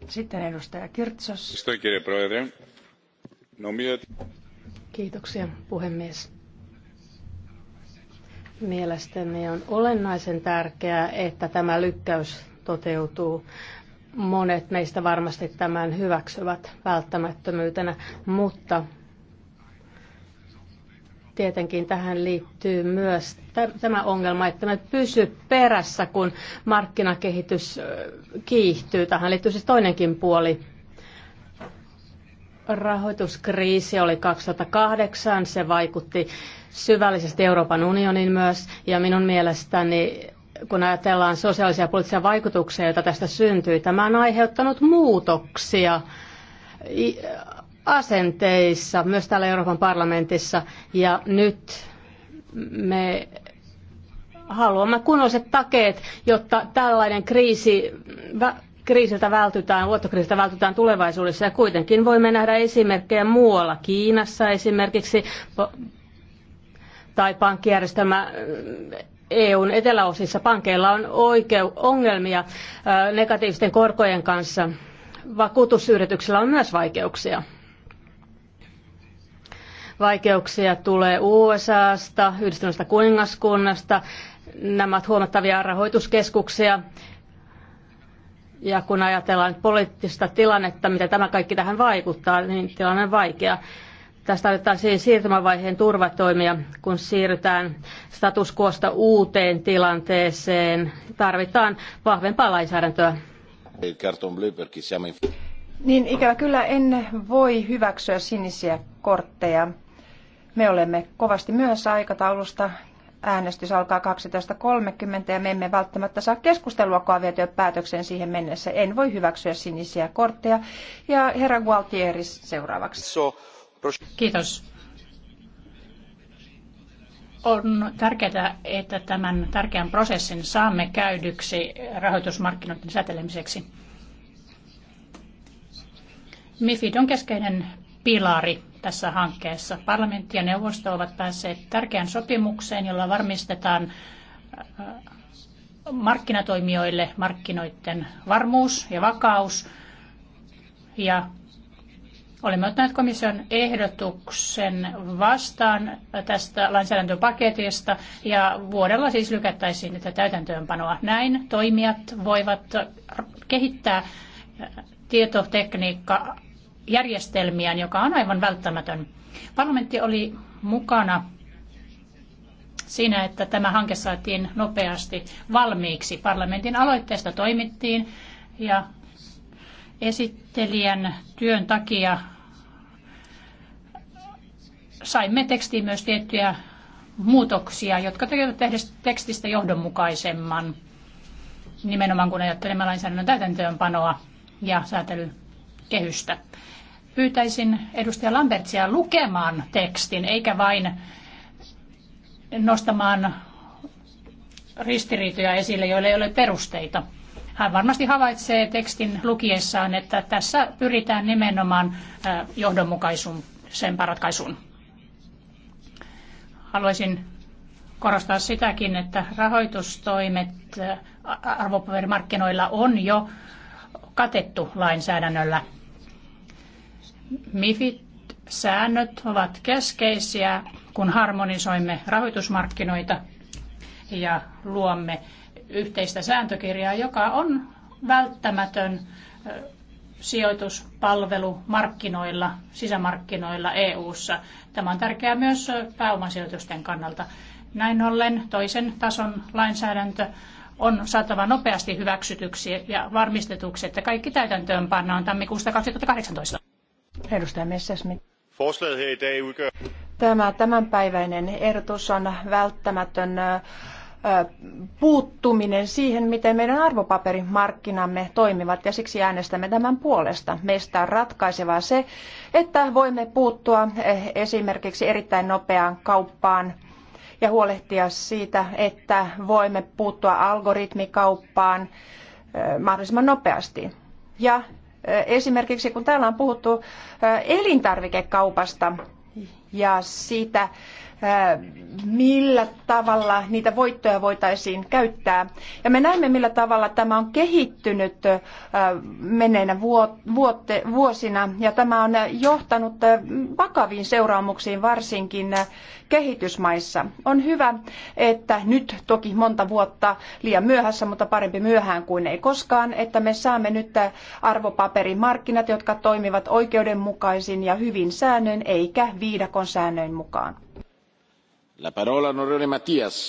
Sitten edustaja Kirtsos. No Kiitoksia puhemies. Mielestäni on olennaisen tärkeää, että tämä lykkäys toteutuu. Monet meistä varmasti tämän hyväksyvät välttämättömyytenä, mutta tietenkin tähän liittyy myös tämä ongelma, että me pysy perässä, kun markkinakehitys kiihtyy. Tähän liittyy siis toinenkin puoli. Rahoituskriisi oli 2008, se vaikutti syvällisesti Euroopan unionin myös, ja minun mielestäni kun ajatellaan sosiaalisia ja poliittisia vaikutuksia, joita tästä syntyi tämä on aiheuttanut muutoksia asenteissa, myös täällä Euroopan parlamentissa. Ja nyt me haluamme kunnolliset takeet, jotta tällainen kriisi kriisiltä vältytään, luottokriisiltä vältytään tulevaisuudessa ja kuitenkin voimme nähdä esimerkkejä muualla, Kiinassa esimerkiksi tai pankkijärjestelmä äh, EUn eteläosissa pankeilla on oikeu, ongelmia äh, negatiivisten korkojen kanssa. Vakuutusyrityksillä on myös vaikeuksia. Vaikeuksia tulee USAsta, yhdistyneestä kuningaskunnasta, Nämä ovat huomattavia rahoituskeskuksia. Ja kun ajatellaan poliittista tilannetta, mitä tämä kaikki tähän vaikuttaa, niin tilanne on vaikea. Tästä otetaan siis siirtymävaiheen turvatoimia, kun siirrytään statuskuosta uuteen tilanteeseen. Tarvitaan vahvempaa lainsäädäntöä. Niin ikävä kyllä en voi hyväksyä sinisiä kortteja. Me olemme kovasti myöhässä aikataulusta äänestys alkaa 12.30 ja me emme välttämättä saa keskustelua vietyä päätökseen siihen mennessä. En voi hyväksyä sinisiä kortteja. Ja herra Gualtieri seuraavaksi. Kiitos. On tärkeää, että tämän tärkeän prosessin saamme käydyksi rahoitusmarkkinoiden sätelemiseksi. MIFID on keskeinen pilari tässä hankkeessa. Parlamentti ja neuvosto ovat päässeet tärkeän sopimukseen, jolla varmistetaan äh, markkinatoimijoille markkinoiden varmuus ja vakaus. Ja olemme ottaneet komission ehdotuksen vastaan tästä lainsäädäntöpaketista ja vuodella siis lykättäisiin tätä täytäntöönpanoa. Näin toimijat voivat kehittää äh, tietotekniikka järjestelmiään, joka on aivan välttämätön. Parlamentti oli mukana siinä, että tämä hanke saatiin nopeasti valmiiksi. Parlamentin aloitteesta toimittiin ja esittelijän työn takia saimme tekstiin myös tiettyjä muutoksia, jotka tekevät tekstistä johdonmukaisemman, nimenomaan kun ajattelemme lainsäädännön täytäntöönpanoa ja säätelykehystä pyytäisin edustaja Lambertsia lukemaan tekstin, eikä vain nostamaan ristiriitoja esille, joille ei ole perusteita. Hän varmasti havaitsee tekstin lukiessaan, että tässä pyritään nimenomaan johdonmukaisuun sen ratkaisuun. Haluaisin korostaa sitäkin, että rahoitustoimet arvopaperimarkkinoilla on jo katettu lainsäädännöllä MIFID-säännöt ovat keskeisiä, kun harmonisoimme rahoitusmarkkinoita ja luomme yhteistä sääntökirjaa, joka on välttämätön sijoituspalvelu markkinoilla, sisämarkkinoilla EU:ssa. Tämä on tärkeää myös pääomasijoitusten kannalta. Näin ollen toisen tason lainsäädäntö on saatava nopeasti hyväksytyksi ja varmistetuksi, että kaikki täytäntöön pannaan tammikuusta 2018. Edustaja Messerschmidt. Tämä tämänpäiväinen ehdotus on välttämätön puuttuminen siihen, miten meidän arvopaperimarkkinamme toimivat ja siksi äänestämme tämän puolesta. Meistä on ratkaisevaa se, että voimme puuttua esimerkiksi erittäin nopeaan kauppaan ja huolehtia siitä, että voimme puuttua algoritmikauppaan mahdollisimman nopeasti. Ja Esimerkiksi kun täällä on puhuttu elintarvikekaupasta ja siitä, millä tavalla niitä voittoja voitaisiin käyttää. Ja me näemme, millä tavalla tämä on kehittynyt menneinä vuosina, ja tämä on johtanut vakaviin seuraamuksiin varsinkin kehitysmaissa. On hyvä, että nyt toki monta vuotta liian myöhässä, mutta parempi myöhään kuin ei koskaan, että me saamme nyt arvopaperimarkkinat, jotka toimivat oikeudenmukaisin ja hyvin säännöin, eikä viidakon säännöin mukaan arvoisa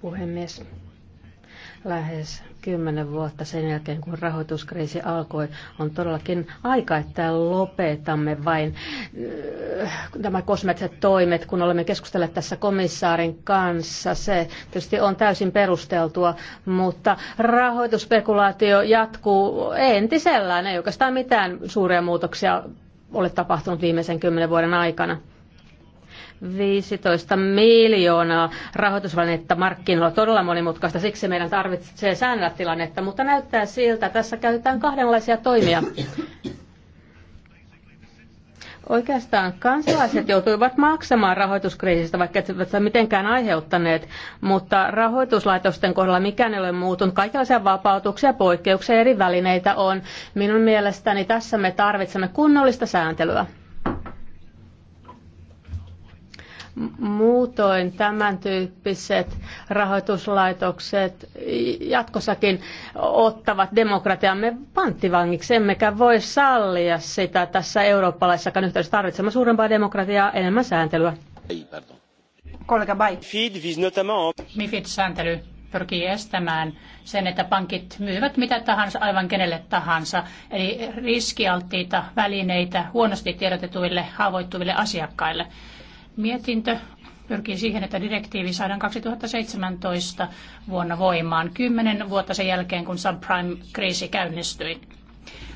Puhemies, lähes kymmenen vuotta sen jälkeen, kun rahoituskriisi alkoi, on todellakin aika, että lopetamme vain nämä äh, kosmetiset toimet, kun olemme keskustelleet tässä komissaarin kanssa. Se tietysti on täysin perusteltua, mutta rahoitusspekulaatio jatkuu entisellään. Ei oikeastaan mitään suuria muutoksia ole tapahtunut viimeisen kymmenen vuoden aikana. 15 miljoonaa rahoitusvälinettä markkinoilla todella monimutkaista, siksi meidän tarvitsee säännellä tilannetta, mutta näyttää siltä, että tässä käytetään kahdenlaisia toimia. Oikeastaan kansalaiset joutuivat maksamaan rahoituskriisistä, vaikka eivät sitä mitenkään aiheuttaneet, mutta rahoituslaitosten kohdalla mikään ei ole muutunut. Kaikenlaisia vapautuksia, poikkeuksia, eri välineitä on. Minun mielestäni tässä me tarvitsemme kunnollista sääntelyä. Muutoin tämän tyyppiset rahoituslaitokset jatkossakin ottavat demokratiamme panttivangiksi, emmekä voi sallia sitä tässä eurooppalaisessakaan yhteydessä. Tarvitsemme suurempaa demokratiaa, enemmän sääntelyä. Ei, Bai. MIFID-sääntely pyrkii estämään sen, että pankit myyvät mitä tahansa aivan kenelle tahansa, eli riskialttiita välineitä huonosti tiedotetuille, haavoittuville asiakkaille. Mietintö pyrkii siihen, että direktiivi saadaan 2017 vuonna voimaan, kymmenen vuotta sen jälkeen, kun subprime-kriisi käynnistyi.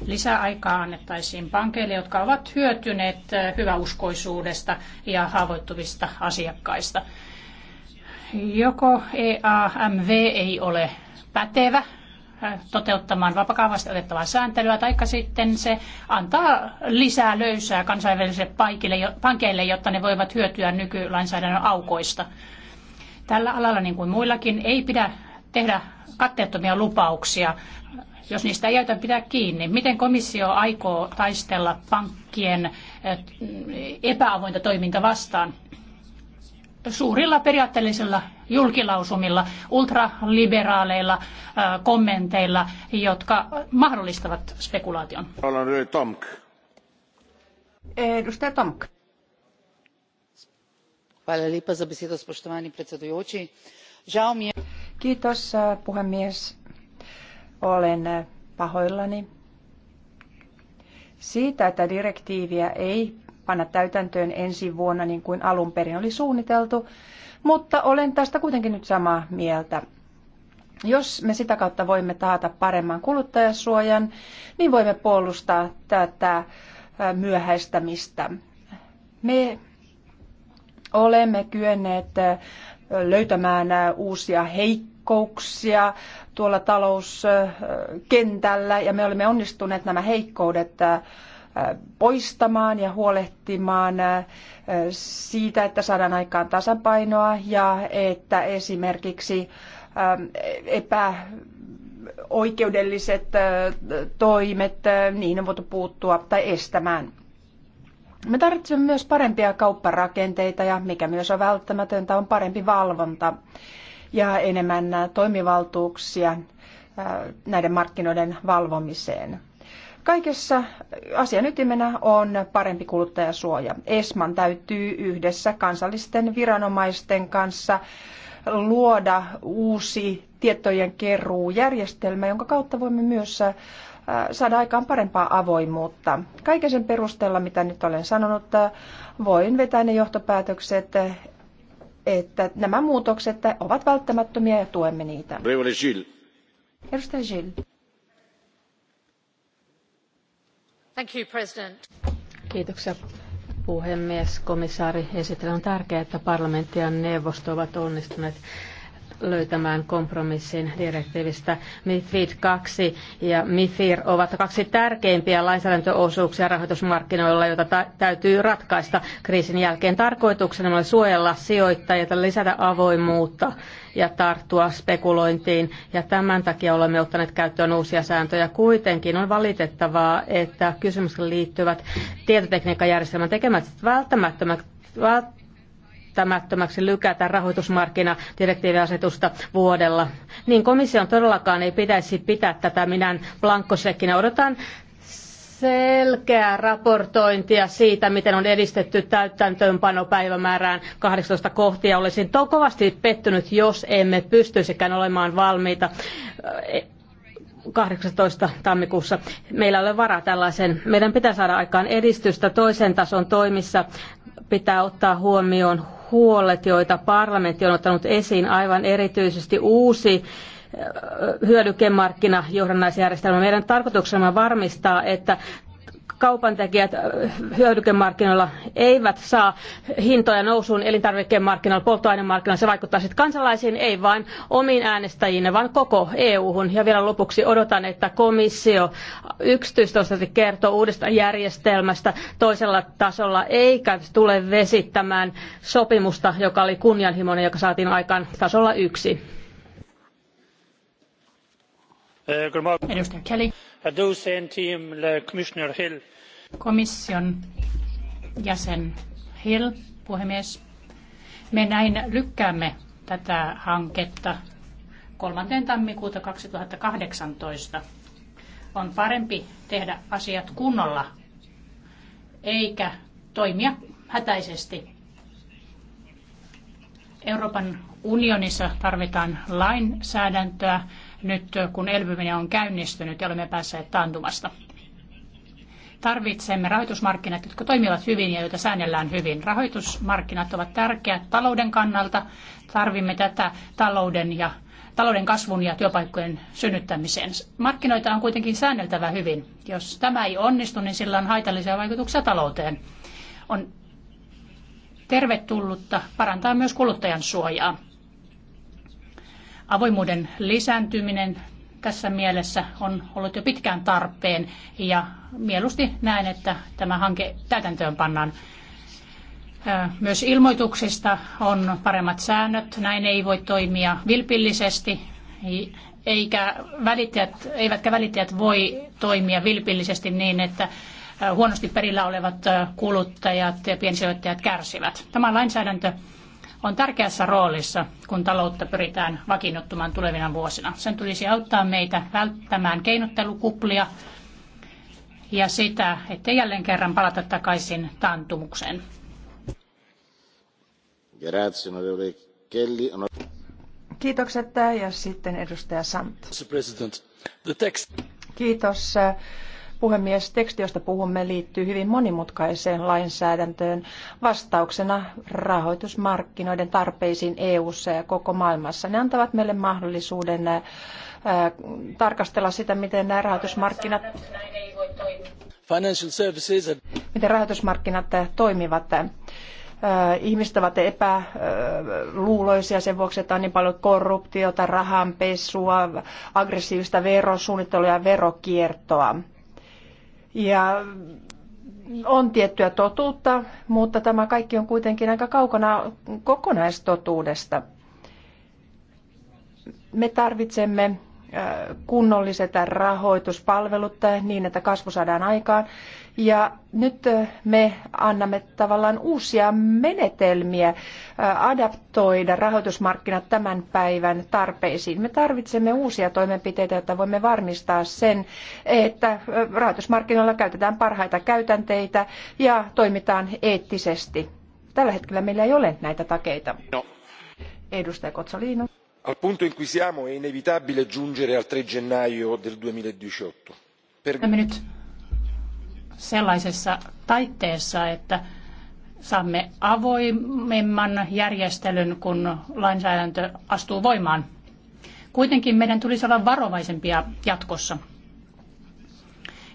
Lisäaikaa annettaisiin pankeille, jotka ovat hyötyneet eh, hyväuskoisuudesta ja haavoittuvista asiakkaista. Joko EAMV ei ole pätevä Äh, toteuttamaan vapakaavasta otettavaa sääntelyä, taikka sitten se antaa lisää löysää kansainvälisille pankeille, jotta ne voivat hyötyä nykylainsäädännön aukoista. Tällä alalla, niin kuin muillakin, ei pidä tehdä katteettomia lupauksia, jos niistä ei aiota pitää kiinni. Miten komissio aikoo taistella pankkien äh, epäavointa toiminta vastaan? suurilla periaatteellisilla julkilausumilla, ultraliberaaleilla äh, kommenteilla, jotka mahdollistavat spekulaation. Tomk. Edustaja Tomk. Kiitos äh, puhemies. Olen äh, pahoillani siitä, että direktiiviä ei panna täytäntöön ensi vuonna niin kuin alun perin oli suunniteltu, mutta olen tästä kuitenkin nyt samaa mieltä. Jos me sitä kautta voimme taata paremman kuluttajasuojan, niin voimme puolustaa tätä myöhäistämistä. Me olemme kyenneet löytämään uusia heikkouksia tuolla talouskentällä ja me olemme onnistuneet nämä heikkoudet poistamaan ja huolehtimaan siitä, että saadaan aikaan tasapainoa ja että esimerkiksi epä oikeudelliset toimet, niihin on voitu puuttua tai estämään. Me tarvitsemme myös parempia kaupparakenteita ja mikä myös on välttämätöntä on parempi valvonta ja enemmän toimivaltuuksia näiden markkinoiden valvomiseen. Kaikessa asian ytimenä on parempi kuluttajasuoja. ESMAN täytyy yhdessä kansallisten viranomaisten kanssa luoda uusi tietojen keruujärjestelmä, jonka kautta voimme myös äh, saada aikaan parempaa avoimuutta. Kaiken sen perusteella, mitä nyt olen sanonut, äh, voin vetää ne johtopäätökset, että nämä muutokset ovat välttämättömiä ja tuemme niitä. Edustaja Gilles. Kiitoksia puhemies, komissaari. Esitellään on tärkeää, että parlamentti ja neuvosto ovat onnistuneet löytämään kompromissin direktiivistä. MIFID 2 ja MIFIR ovat kaksi tärkeimpiä lainsäädäntöosuuksia rahoitusmarkkinoilla, joita ta- täytyy ratkaista kriisin jälkeen. Tarkoituksena on suojella sijoittajia, lisätä avoimuutta ja tarttua spekulointiin. Ja tämän takia olemme ottaneet käyttöön uusia sääntöjä. Kuitenkin on valitettavaa, että kysymykset liittyvät tietotekniikkajärjestelmän tekemät välttämättömät välttämättömäksi lykätä rahoitusmarkkinadirektiiviasetusta vuodella. Niin komission todellakaan ei pitäisi pitää tätä minään blankkosekkinä. Odotan selkeää raportointia siitä, miten on edistetty täyttäntöönpanopäivämäärään 18 kohtia. Olisin kovasti pettynyt, jos emme pystyisikään olemaan valmiita 18. Eh, tammikuussa. Meillä ei ole varaa tällaisen. Meidän pitää saada aikaan edistystä toisen tason toimissa. Pitää ottaa huomioon huolet, joita parlamentti on ottanut esiin, aivan erityisesti uusi hyödykemarkkinajohdannaisjärjestelmä. Meidän tarkoituksena on varmistaa, että kaupantekijät hyödykemarkkinoilla eivät saa hintoja nousuun elintarvikemarkkinoilla, polttoainemarkkinoilla. Se vaikuttaa sitten kansalaisiin, ei vain omiin äänestäjiin, vaan koko EU-hun. Ja vielä lopuksi odotan, että komissio yksityistoisesti kertoo uudesta järjestelmästä toisella tasolla, eikä tule vesittämään sopimusta, joka oli kunnianhimoinen, joka saatiin aikaan tasolla yksi. Edustaja Kelly. Komission jäsen Hill, puhemies. Me näin lykkäämme tätä hanketta 3. tammikuuta 2018. On parempi tehdä asiat kunnolla eikä toimia hätäisesti. Euroopan unionissa tarvitaan lainsäädäntöä, nyt kun elpyminen on käynnistynyt ja olemme päässeet taantumasta. Tarvitsemme rahoitusmarkkinat, jotka toimivat hyvin ja joita säännellään hyvin. Rahoitusmarkkinat ovat tärkeät talouden kannalta. Tarvimme tätä talouden ja talouden kasvun ja työpaikkojen synnyttämiseen. Markkinoita on kuitenkin säänneltävä hyvin. Jos tämä ei onnistu, niin sillä on haitallisia vaikutuksia talouteen. On tervetullutta parantaa myös kuluttajan suojaa. Avoimuuden lisääntyminen tässä mielessä on ollut jo pitkään tarpeen ja mieluusti näen, että tämä hanke täytäntöön pannaan. Myös ilmoituksista on paremmat säännöt. Näin ei voi toimia vilpillisesti, eikä välittäjät, eivätkä välittäjät voi toimia vilpillisesti niin, että huonosti perillä olevat kuluttajat ja piensijoittajat kärsivät. Tämä lainsäädäntö on tärkeässä roolissa, kun taloutta pyritään vakiinnuttamaan tulevina vuosina. Sen tulisi auttaa meitä välttämään keinottelukuplia ja sitä, ettei jälleen kerran palata takaisin taantumukseen. Kiitokset ja sitten edustaja Sant. Kiitos. Puhemies, teksti, josta puhumme, liittyy hyvin monimutkaiseen lainsäädäntöön vastauksena rahoitusmarkkinoiden tarpeisiin EU:ssa ja koko maailmassa. Ne antavat meille mahdollisuuden äh, tarkastella sitä, miten nämä rahoitusmarkkinat miten rahoitusmarkkinat äh, toimivat. Äh, ihmiset ovat epäluuloisia sen vuoksi, että on niin paljon korruptiota, rahanpesua, aggressiivista verosuunnittelua ja verokiertoa. Ja on tiettyä totuutta, mutta tämä kaikki on kuitenkin aika kaukana kokonaistotuudesta. Me tarvitsemme äh, kunnolliset rahoituspalvelut äh, niin, että kasvu saadaan aikaan. Ja nyt me annamme tavallaan uusia menetelmiä adaptoida rahoitusmarkkinat tämän päivän tarpeisiin. Me tarvitsemme uusia toimenpiteitä, jotta voimme varmistaa sen, että rahoitusmarkkinoilla käytetään parhaita käytänteitä ja toimitaan eettisesti. Tällä hetkellä meillä ei ole näitä takeita. No. Edustaja Kotsoliino. Al punto in cui siamo è inevitabile giungere al 3 gennaio del 2018. Per... Nyt sellaisessa taitteessa, että saamme avoimemman järjestelyn, kun lainsäädäntö astuu voimaan. Kuitenkin meidän tulisi olla varovaisempia jatkossa.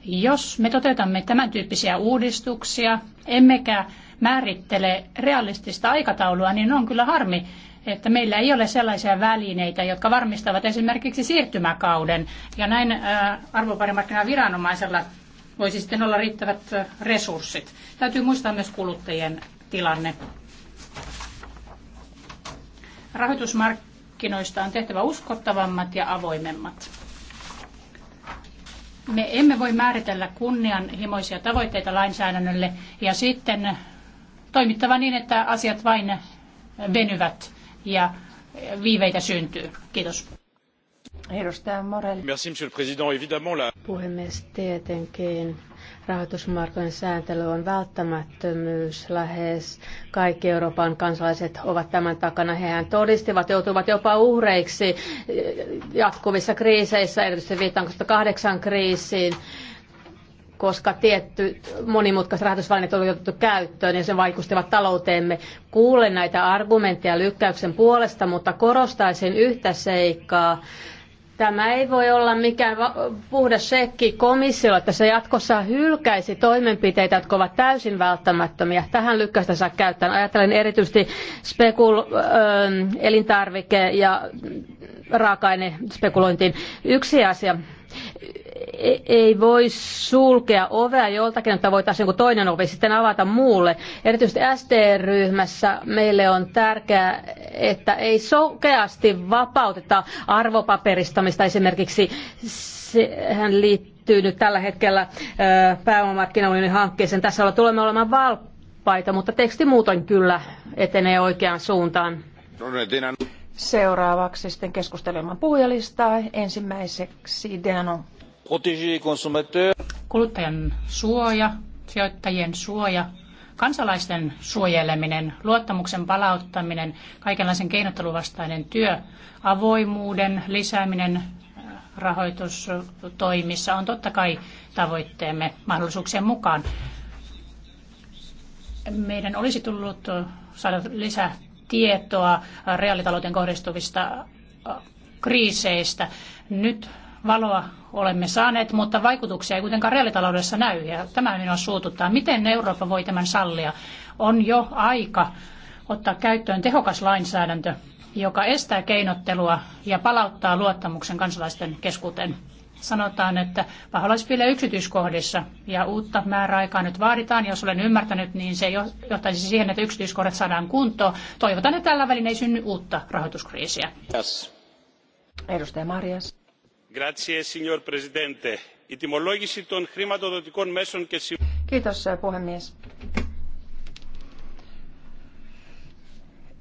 Jos me toteutamme tämän tyyppisiä uudistuksia, emmekä määrittele realistista aikataulua, niin on kyllä harmi, että meillä ei ole sellaisia välineitä, jotka varmistavat esimerkiksi siirtymäkauden. Ja näin arvoparimarkkinaviranomaisella voisi sitten olla riittävät resurssit. Täytyy muistaa myös kuluttajien tilanne. Rahoitusmarkkinoista on tehtävä uskottavammat ja avoimemmat. Me emme voi määritellä kunnianhimoisia tavoitteita lainsäädännölle ja sitten toimittava niin, että asiat vain venyvät ja viiveitä syntyy. Kiitos. Edustaja monsieur le président. Évidemment, la... Puhemies, tietenkin rahoitusmarkkinoiden sääntely on välttämättömyys. Lähes kaikki Euroopan kansalaiset ovat tämän takana. Hehän todistivat, joutuvat jopa uhreiksi jatkuvissa kriiseissä, erityisesti viittaan kahdeksan kriisiin koska tietty monimutkaiset rahoitusvälineet oli otettu käyttöön ja sen vaikustivat talouteemme. Kuulen näitä argumentteja lykkäyksen puolesta, mutta korostaisin yhtä seikkaa. Tämä ei voi olla mikään puhdas sekki komissiolle, että se jatkossa hylkäisi toimenpiteitä, jotka ovat täysin välttämättömiä. Tähän lykkäystä saa käyttää. Ajattelen erityisesti spekul- elintarvike- ja raaka-ainespekulointiin. Yksi asia, E- ei voi sulkea ovea joltakin, että voitaisiin joku toinen ovi sitten avata muulle. Erityisesti ST-ryhmässä meille on tärkeää, että ei sokeasti vapauteta arvopaperistamista esimerkiksi. Sehän liittyy nyt tällä hetkellä pääomamarkkinoinnin hankkeeseen. Tässä tulemme olemaan valppaita, mutta teksti muutoin kyllä etenee oikeaan suuntaan. Seuraavaksi sitten keskustelemaan puhujalistaa. Ensimmäiseksi Deano Kuluttajan suoja, sijoittajien suoja, kansalaisten suojeleminen, luottamuksen palauttaminen, kaikenlaisen keinotteluvastainen työ, avoimuuden lisääminen äh, rahoitustoimissa on totta kai tavoitteemme mahdollisuuksien mukaan. Meidän olisi tullut äh, saada lisää tietoa reaalitalouteen kohdistuvista äh, kriiseistä. Nyt valoa olemme saaneet, mutta vaikutuksia ei kuitenkaan reaalitaloudessa näy. Ja tämä minua suututtaa. Miten Eurooppa voi tämän sallia? On jo aika ottaa käyttöön tehokas lainsäädäntö, joka estää keinottelua ja palauttaa luottamuksen kansalaisten keskuuteen. Sanotaan, että paholaispille yksityiskohdissa ja uutta määräaikaa nyt vaaditaan. Jos olen ymmärtänyt, niin se johtaisi siihen, että yksityiskohdat saadaan kuntoon. Toivotan, että tällä välin ei synny uutta rahoituskriisiä. Yes. Edustaja Marjas signor presidente Kiitos puhemies.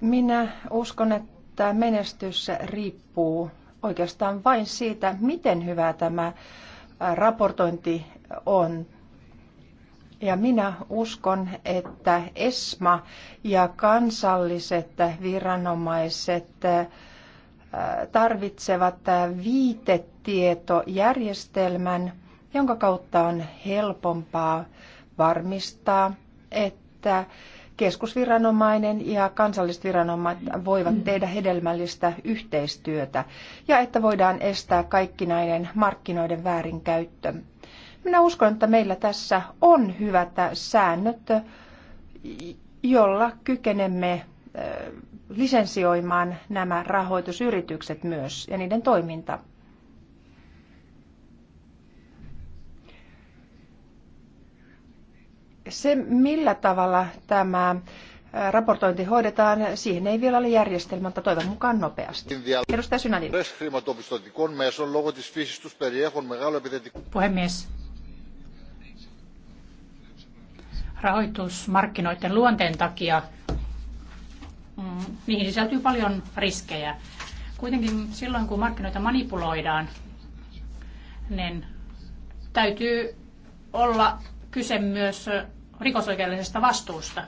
Minä uskon, että menestys riippuu oikeastaan vain siitä, miten hyvä tämä raportointi on. Ja minä uskon, että ESMA ja kansalliset viranomaiset tarvitsevat viitetietojärjestelmän, jonka kautta on helpompaa varmistaa, että keskusviranomainen ja kansalliset viranomaiset voivat tehdä hedelmällistä yhteistyötä ja että voidaan estää kaikki näiden markkinoiden väärinkäyttö. Minä uskon, että meillä tässä on hyvät säännöt, jolla kykenemme lisensioimaan nämä rahoitusyritykset myös ja niiden toiminta. Se, millä tavalla tämä raportointi hoidetaan, siihen ei vielä ole järjestelmä, mutta toivon mukaan nopeasti. Edustaja Synanin. Puhemies, rahoitusmarkkinoiden luonteen takia niihin sisältyy paljon riskejä. Kuitenkin silloin, kun markkinoita manipuloidaan, niin täytyy olla kyse myös rikosoikeudellisesta vastuusta.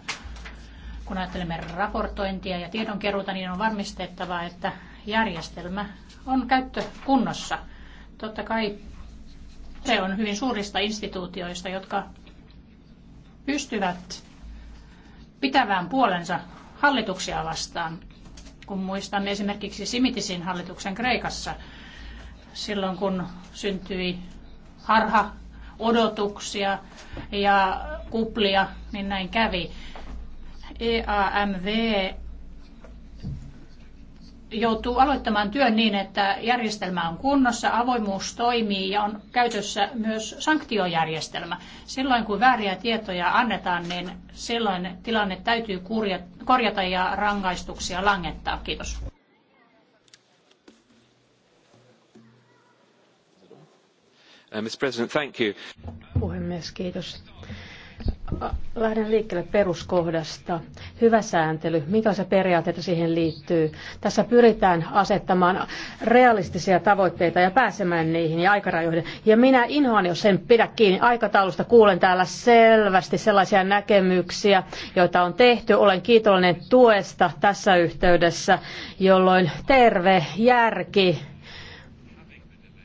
Kun ajattelemme raportointia ja tiedonkeruuta, niin on varmistettava, että järjestelmä on käyttökunnossa. Totta kai se on hyvin suurista instituutioista, jotka pystyvät pitävään puolensa hallituksia vastaan. Kun muistan esimerkiksi Simitisin hallituksen Kreikassa, silloin kun syntyi harha odotuksia ja kuplia, niin näin kävi. EAMV joutuu aloittamaan työn niin, että järjestelmä on kunnossa, avoimuus toimii ja on käytössä myös sanktiojärjestelmä. Silloin kun vääriä tietoja annetaan, niin silloin tilanne täytyy korjata ja rangaistuksia langettaa. Kiitos. Uh, Mr. President, thank you. Puhemies, kiitos. Lähden liikkeelle peruskohdasta. Hyvä sääntely. Minkälaisia periaatteita siihen liittyy? Tässä pyritään asettamaan realistisia tavoitteita ja pääsemään niihin ja aikarajoihin. Ja minä inhoan, jos sen pidä kiinni aikataulusta. Kuulen täällä selvästi sellaisia näkemyksiä, joita on tehty. Olen kiitollinen tuesta tässä yhteydessä, jolloin terve järki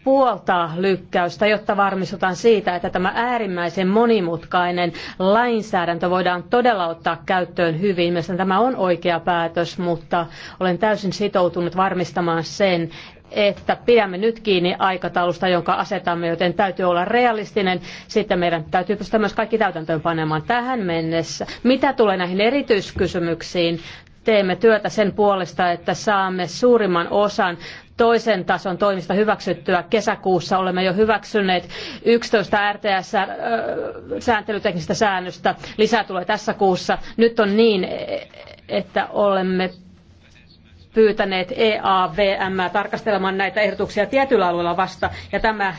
puoltaa lykkäystä, jotta varmistutaan siitä, että tämä äärimmäisen monimutkainen lainsäädäntö voidaan todella ottaa käyttöön hyvin. Mielestäni tämä on oikea päätös, mutta olen täysin sitoutunut varmistamaan sen, että pidämme nyt kiinni aikataulusta, jonka asetamme, joten täytyy olla realistinen. Sitten meidän täytyy pystyä myös kaikki täytäntöön panemaan tähän mennessä. Mitä tulee näihin erityiskysymyksiin, teemme työtä sen puolesta, että saamme suurimman osan toisen tason toimista hyväksyttyä. Kesäkuussa olemme jo hyväksyneet 11 RTS-sääntelyteknistä äh, säännöstä. Lisää tulee tässä kuussa. Nyt on niin, että olemme pyytäneet EAVM tarkastelemaan näitä ehdotuksia tietyillä alueilla vasta, ja tämä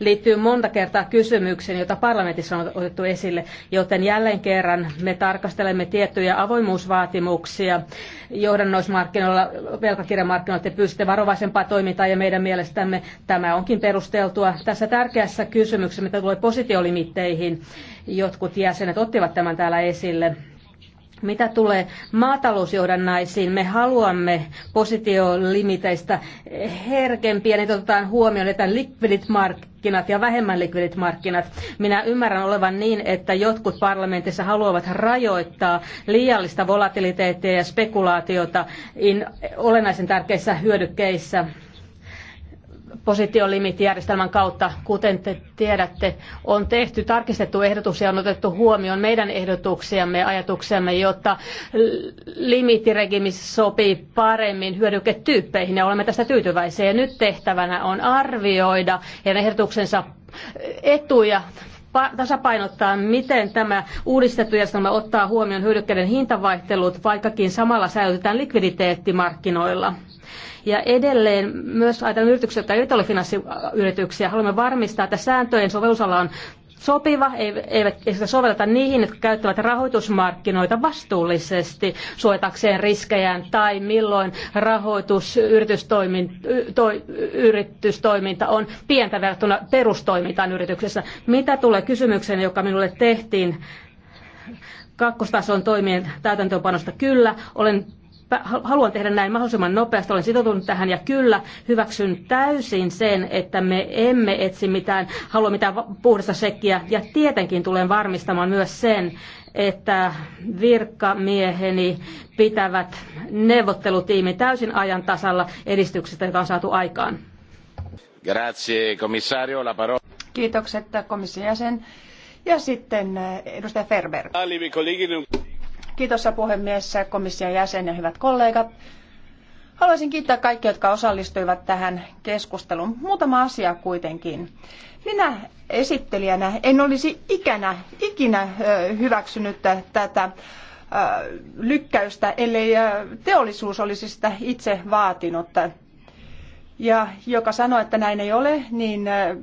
liittyy monta kertaa kysymykseen, jota parlamentissa on otettu esille, joten jälleen kerran me tarkastelemme tiettyjä avoimuusvaatimuksia johdannoismarkkinoilla, velkakirjamarkkinoilla, että pystytte varovaisempaa toimintaa ja meidän mielestämme tämä onkin perusteltua. Tässä tärkeässä kysymyksessä, mitä tulee positiolimitteihin, jotkut jäsenet ottivat tämän täällä esille. Mitä tulee maatalousjohdannaisiin, me haluamme positiolimiteistä herkempiä, niin otetaan huomioon, että likvidit markkinat ja vähemmän likvidit markkinat. Minä ymmärrän olevan niin, että jotkut parlamentissa haluavat rajoittaa liiallista volatiliteettia ja spekulaatiota in, olennaisen tärkeissä hyödykkeissä positiolimittijärjestelmän kautta, kuten te tiedätte, on tehty tarkistettu ehdotus ja on otettu huomioon meidän ehdotuksiamme ja ajatuksiamme, jotta limiittiregimi sopii paremmin hyödyketyyppeihin ja olemme tästä tyytyväisiä. Ja nyt tehtävänä on arvioida ja ehdotuksensa etuja tasapainottaa, miten tämä uudistettu järjestelmä ottaa huomioon hyödykkeiden hintavaihtelut, vaikkakin samalla säilytetään likviditeetti markkinoilla ja edelleen myös ajatellaan yrityksiä, jotka eivät ole finanssiyrityksiä. Haluamme varmistaa, että sääntöjen sovellusala on sopiva, eivät sitä sovelleta niihin, jotka käyttävät rahoitusmarkkinoita vastuullisesti suojatakseen riskejään tai milloin rahoitusyritystoiminta on pientä verrattuna perustoimintaan yrityksessä. Mitä tulee kysymykseen, joka minulle tehtiin kakkostason toimien täytäntöönpanosta? Kyllä, olen haluan tehdä näin mahdollisimman nopeasti, olen sitoutunut tähän ja kyllä hyväksyn täysin sen, että me emme etsi mitään, halua mitään puhdasta sekkiä ja tietenkin tulen varmistamaan myös sen, että virkkamieheni pitävät neuvottelutiimi täysin ajan tasalla edistyksestä, jota on saatu aikaan. Grazie, La parola. Kiitokset komission jäsen. Ja sitten eh, edustaja Ferber. Kiitos puhemies, komission jäsen ja hyvät kollegat. Haluaisin kiittää kaikki, jotka osallistuivat tähän keskusteluun. Muutama asia kuitenkin. Minä esittelijänä en olisi ikänä, ikinä hyväksynyt tätä lykkäystä, ellei teollisuus olisi sitä itse vaatinut ja joka sanoo, että näin ei ole, niin äh,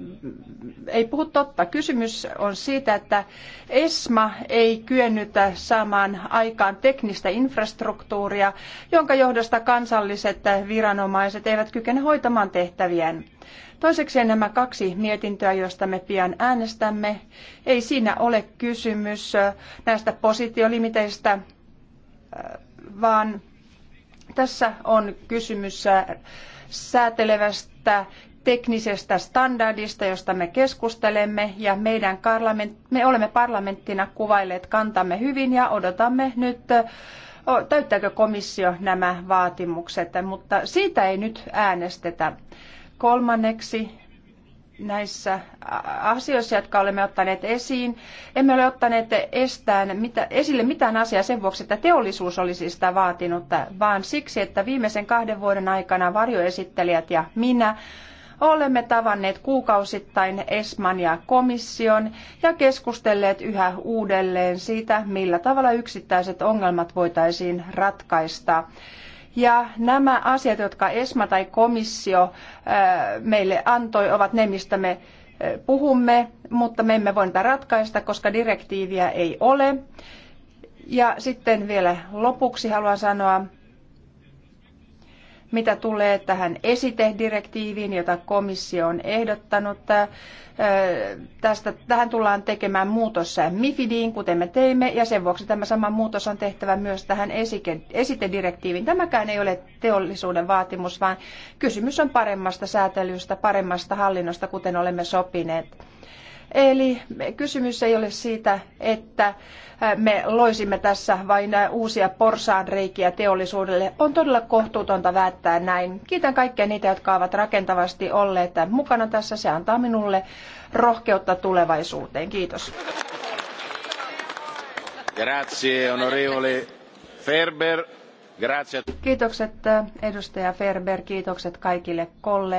ei puhu totta. Kysymys on siitä, että ESMA ei kyennyt saamaan aikaan teknistä infrastruktuuria, jonka johdosta kansalliset viranomaiset eivät kykene hoitamaan tehtäviään. Toiseksi nämä kaksi mietintöä, joista me pian äänestämme, ei siinä ole kysymys äh, näistä positiolimiteistä, äh, vaan tässä on kysymys säätelevästä teknisestä standardista, josta me keskustelemme, ja meidän parlament, me olemme parlamenttina kuvailleet kantamme hyvin ja odotamme nyt, täyttääkö komissio nämä vaatimukset, mutta siitä ei nyt äänestetä. Kolmanneksi näissä asioissa, jotka olemme ottaneet esiin. Emme ole ottaneet estään, mitä, esille mitään asiaa sen vuoksi, että teollisuus olisi sitä vaatinut, vaan siksi, että viimeisen kahden vuoden aikana varjoesittelijät ja minä olemme tavanneet kuukausittain Esman ja komission ja keskustelleet yhä uudelleen siitä, millä tavalla yksittäiset ongelmat voitaisiin ratkaista ja nämä asiat, jotka ESMA tai komissio äh, meille antoi, ovat ne, mistä me äh, puhumme, mutta me emme voi niitä ratkaista, koska direktiiviä ei ole. Ja sitten vielä lopuksi haluan sanoa, mitä tulee tähän esitehdirektiiviin, jota komissio on ehdottanut, tästä, tähän tullaan tekemään muutos MIFIDiin, kuten me teimme, ja sen vuoksi tämä sama muutos on tehtävä myös tähän esitedirektiiviin. Tämäkään ei ole teollisuuden vaatimus, vaan kysymys on paremmasta säätelystä, paremmasta hallinnosta, kuten olemme sopineet Eli kysymys ei ole siitä, että me loisimme tässä vain uusia porsaanreikiä teollisuudelle. On todella kohtuutonta väittää näin. Kiitän kaikkia niitä, jotka ovat rakentavasti olleet mukana tässä. Se antaa minulle rohkeutta tulevaisuuteen. Kiitos. Grazie, onorevoli Ferber. Grazie. Kiitokset edustaja Ferber, kiitokset kaikille kollegoille.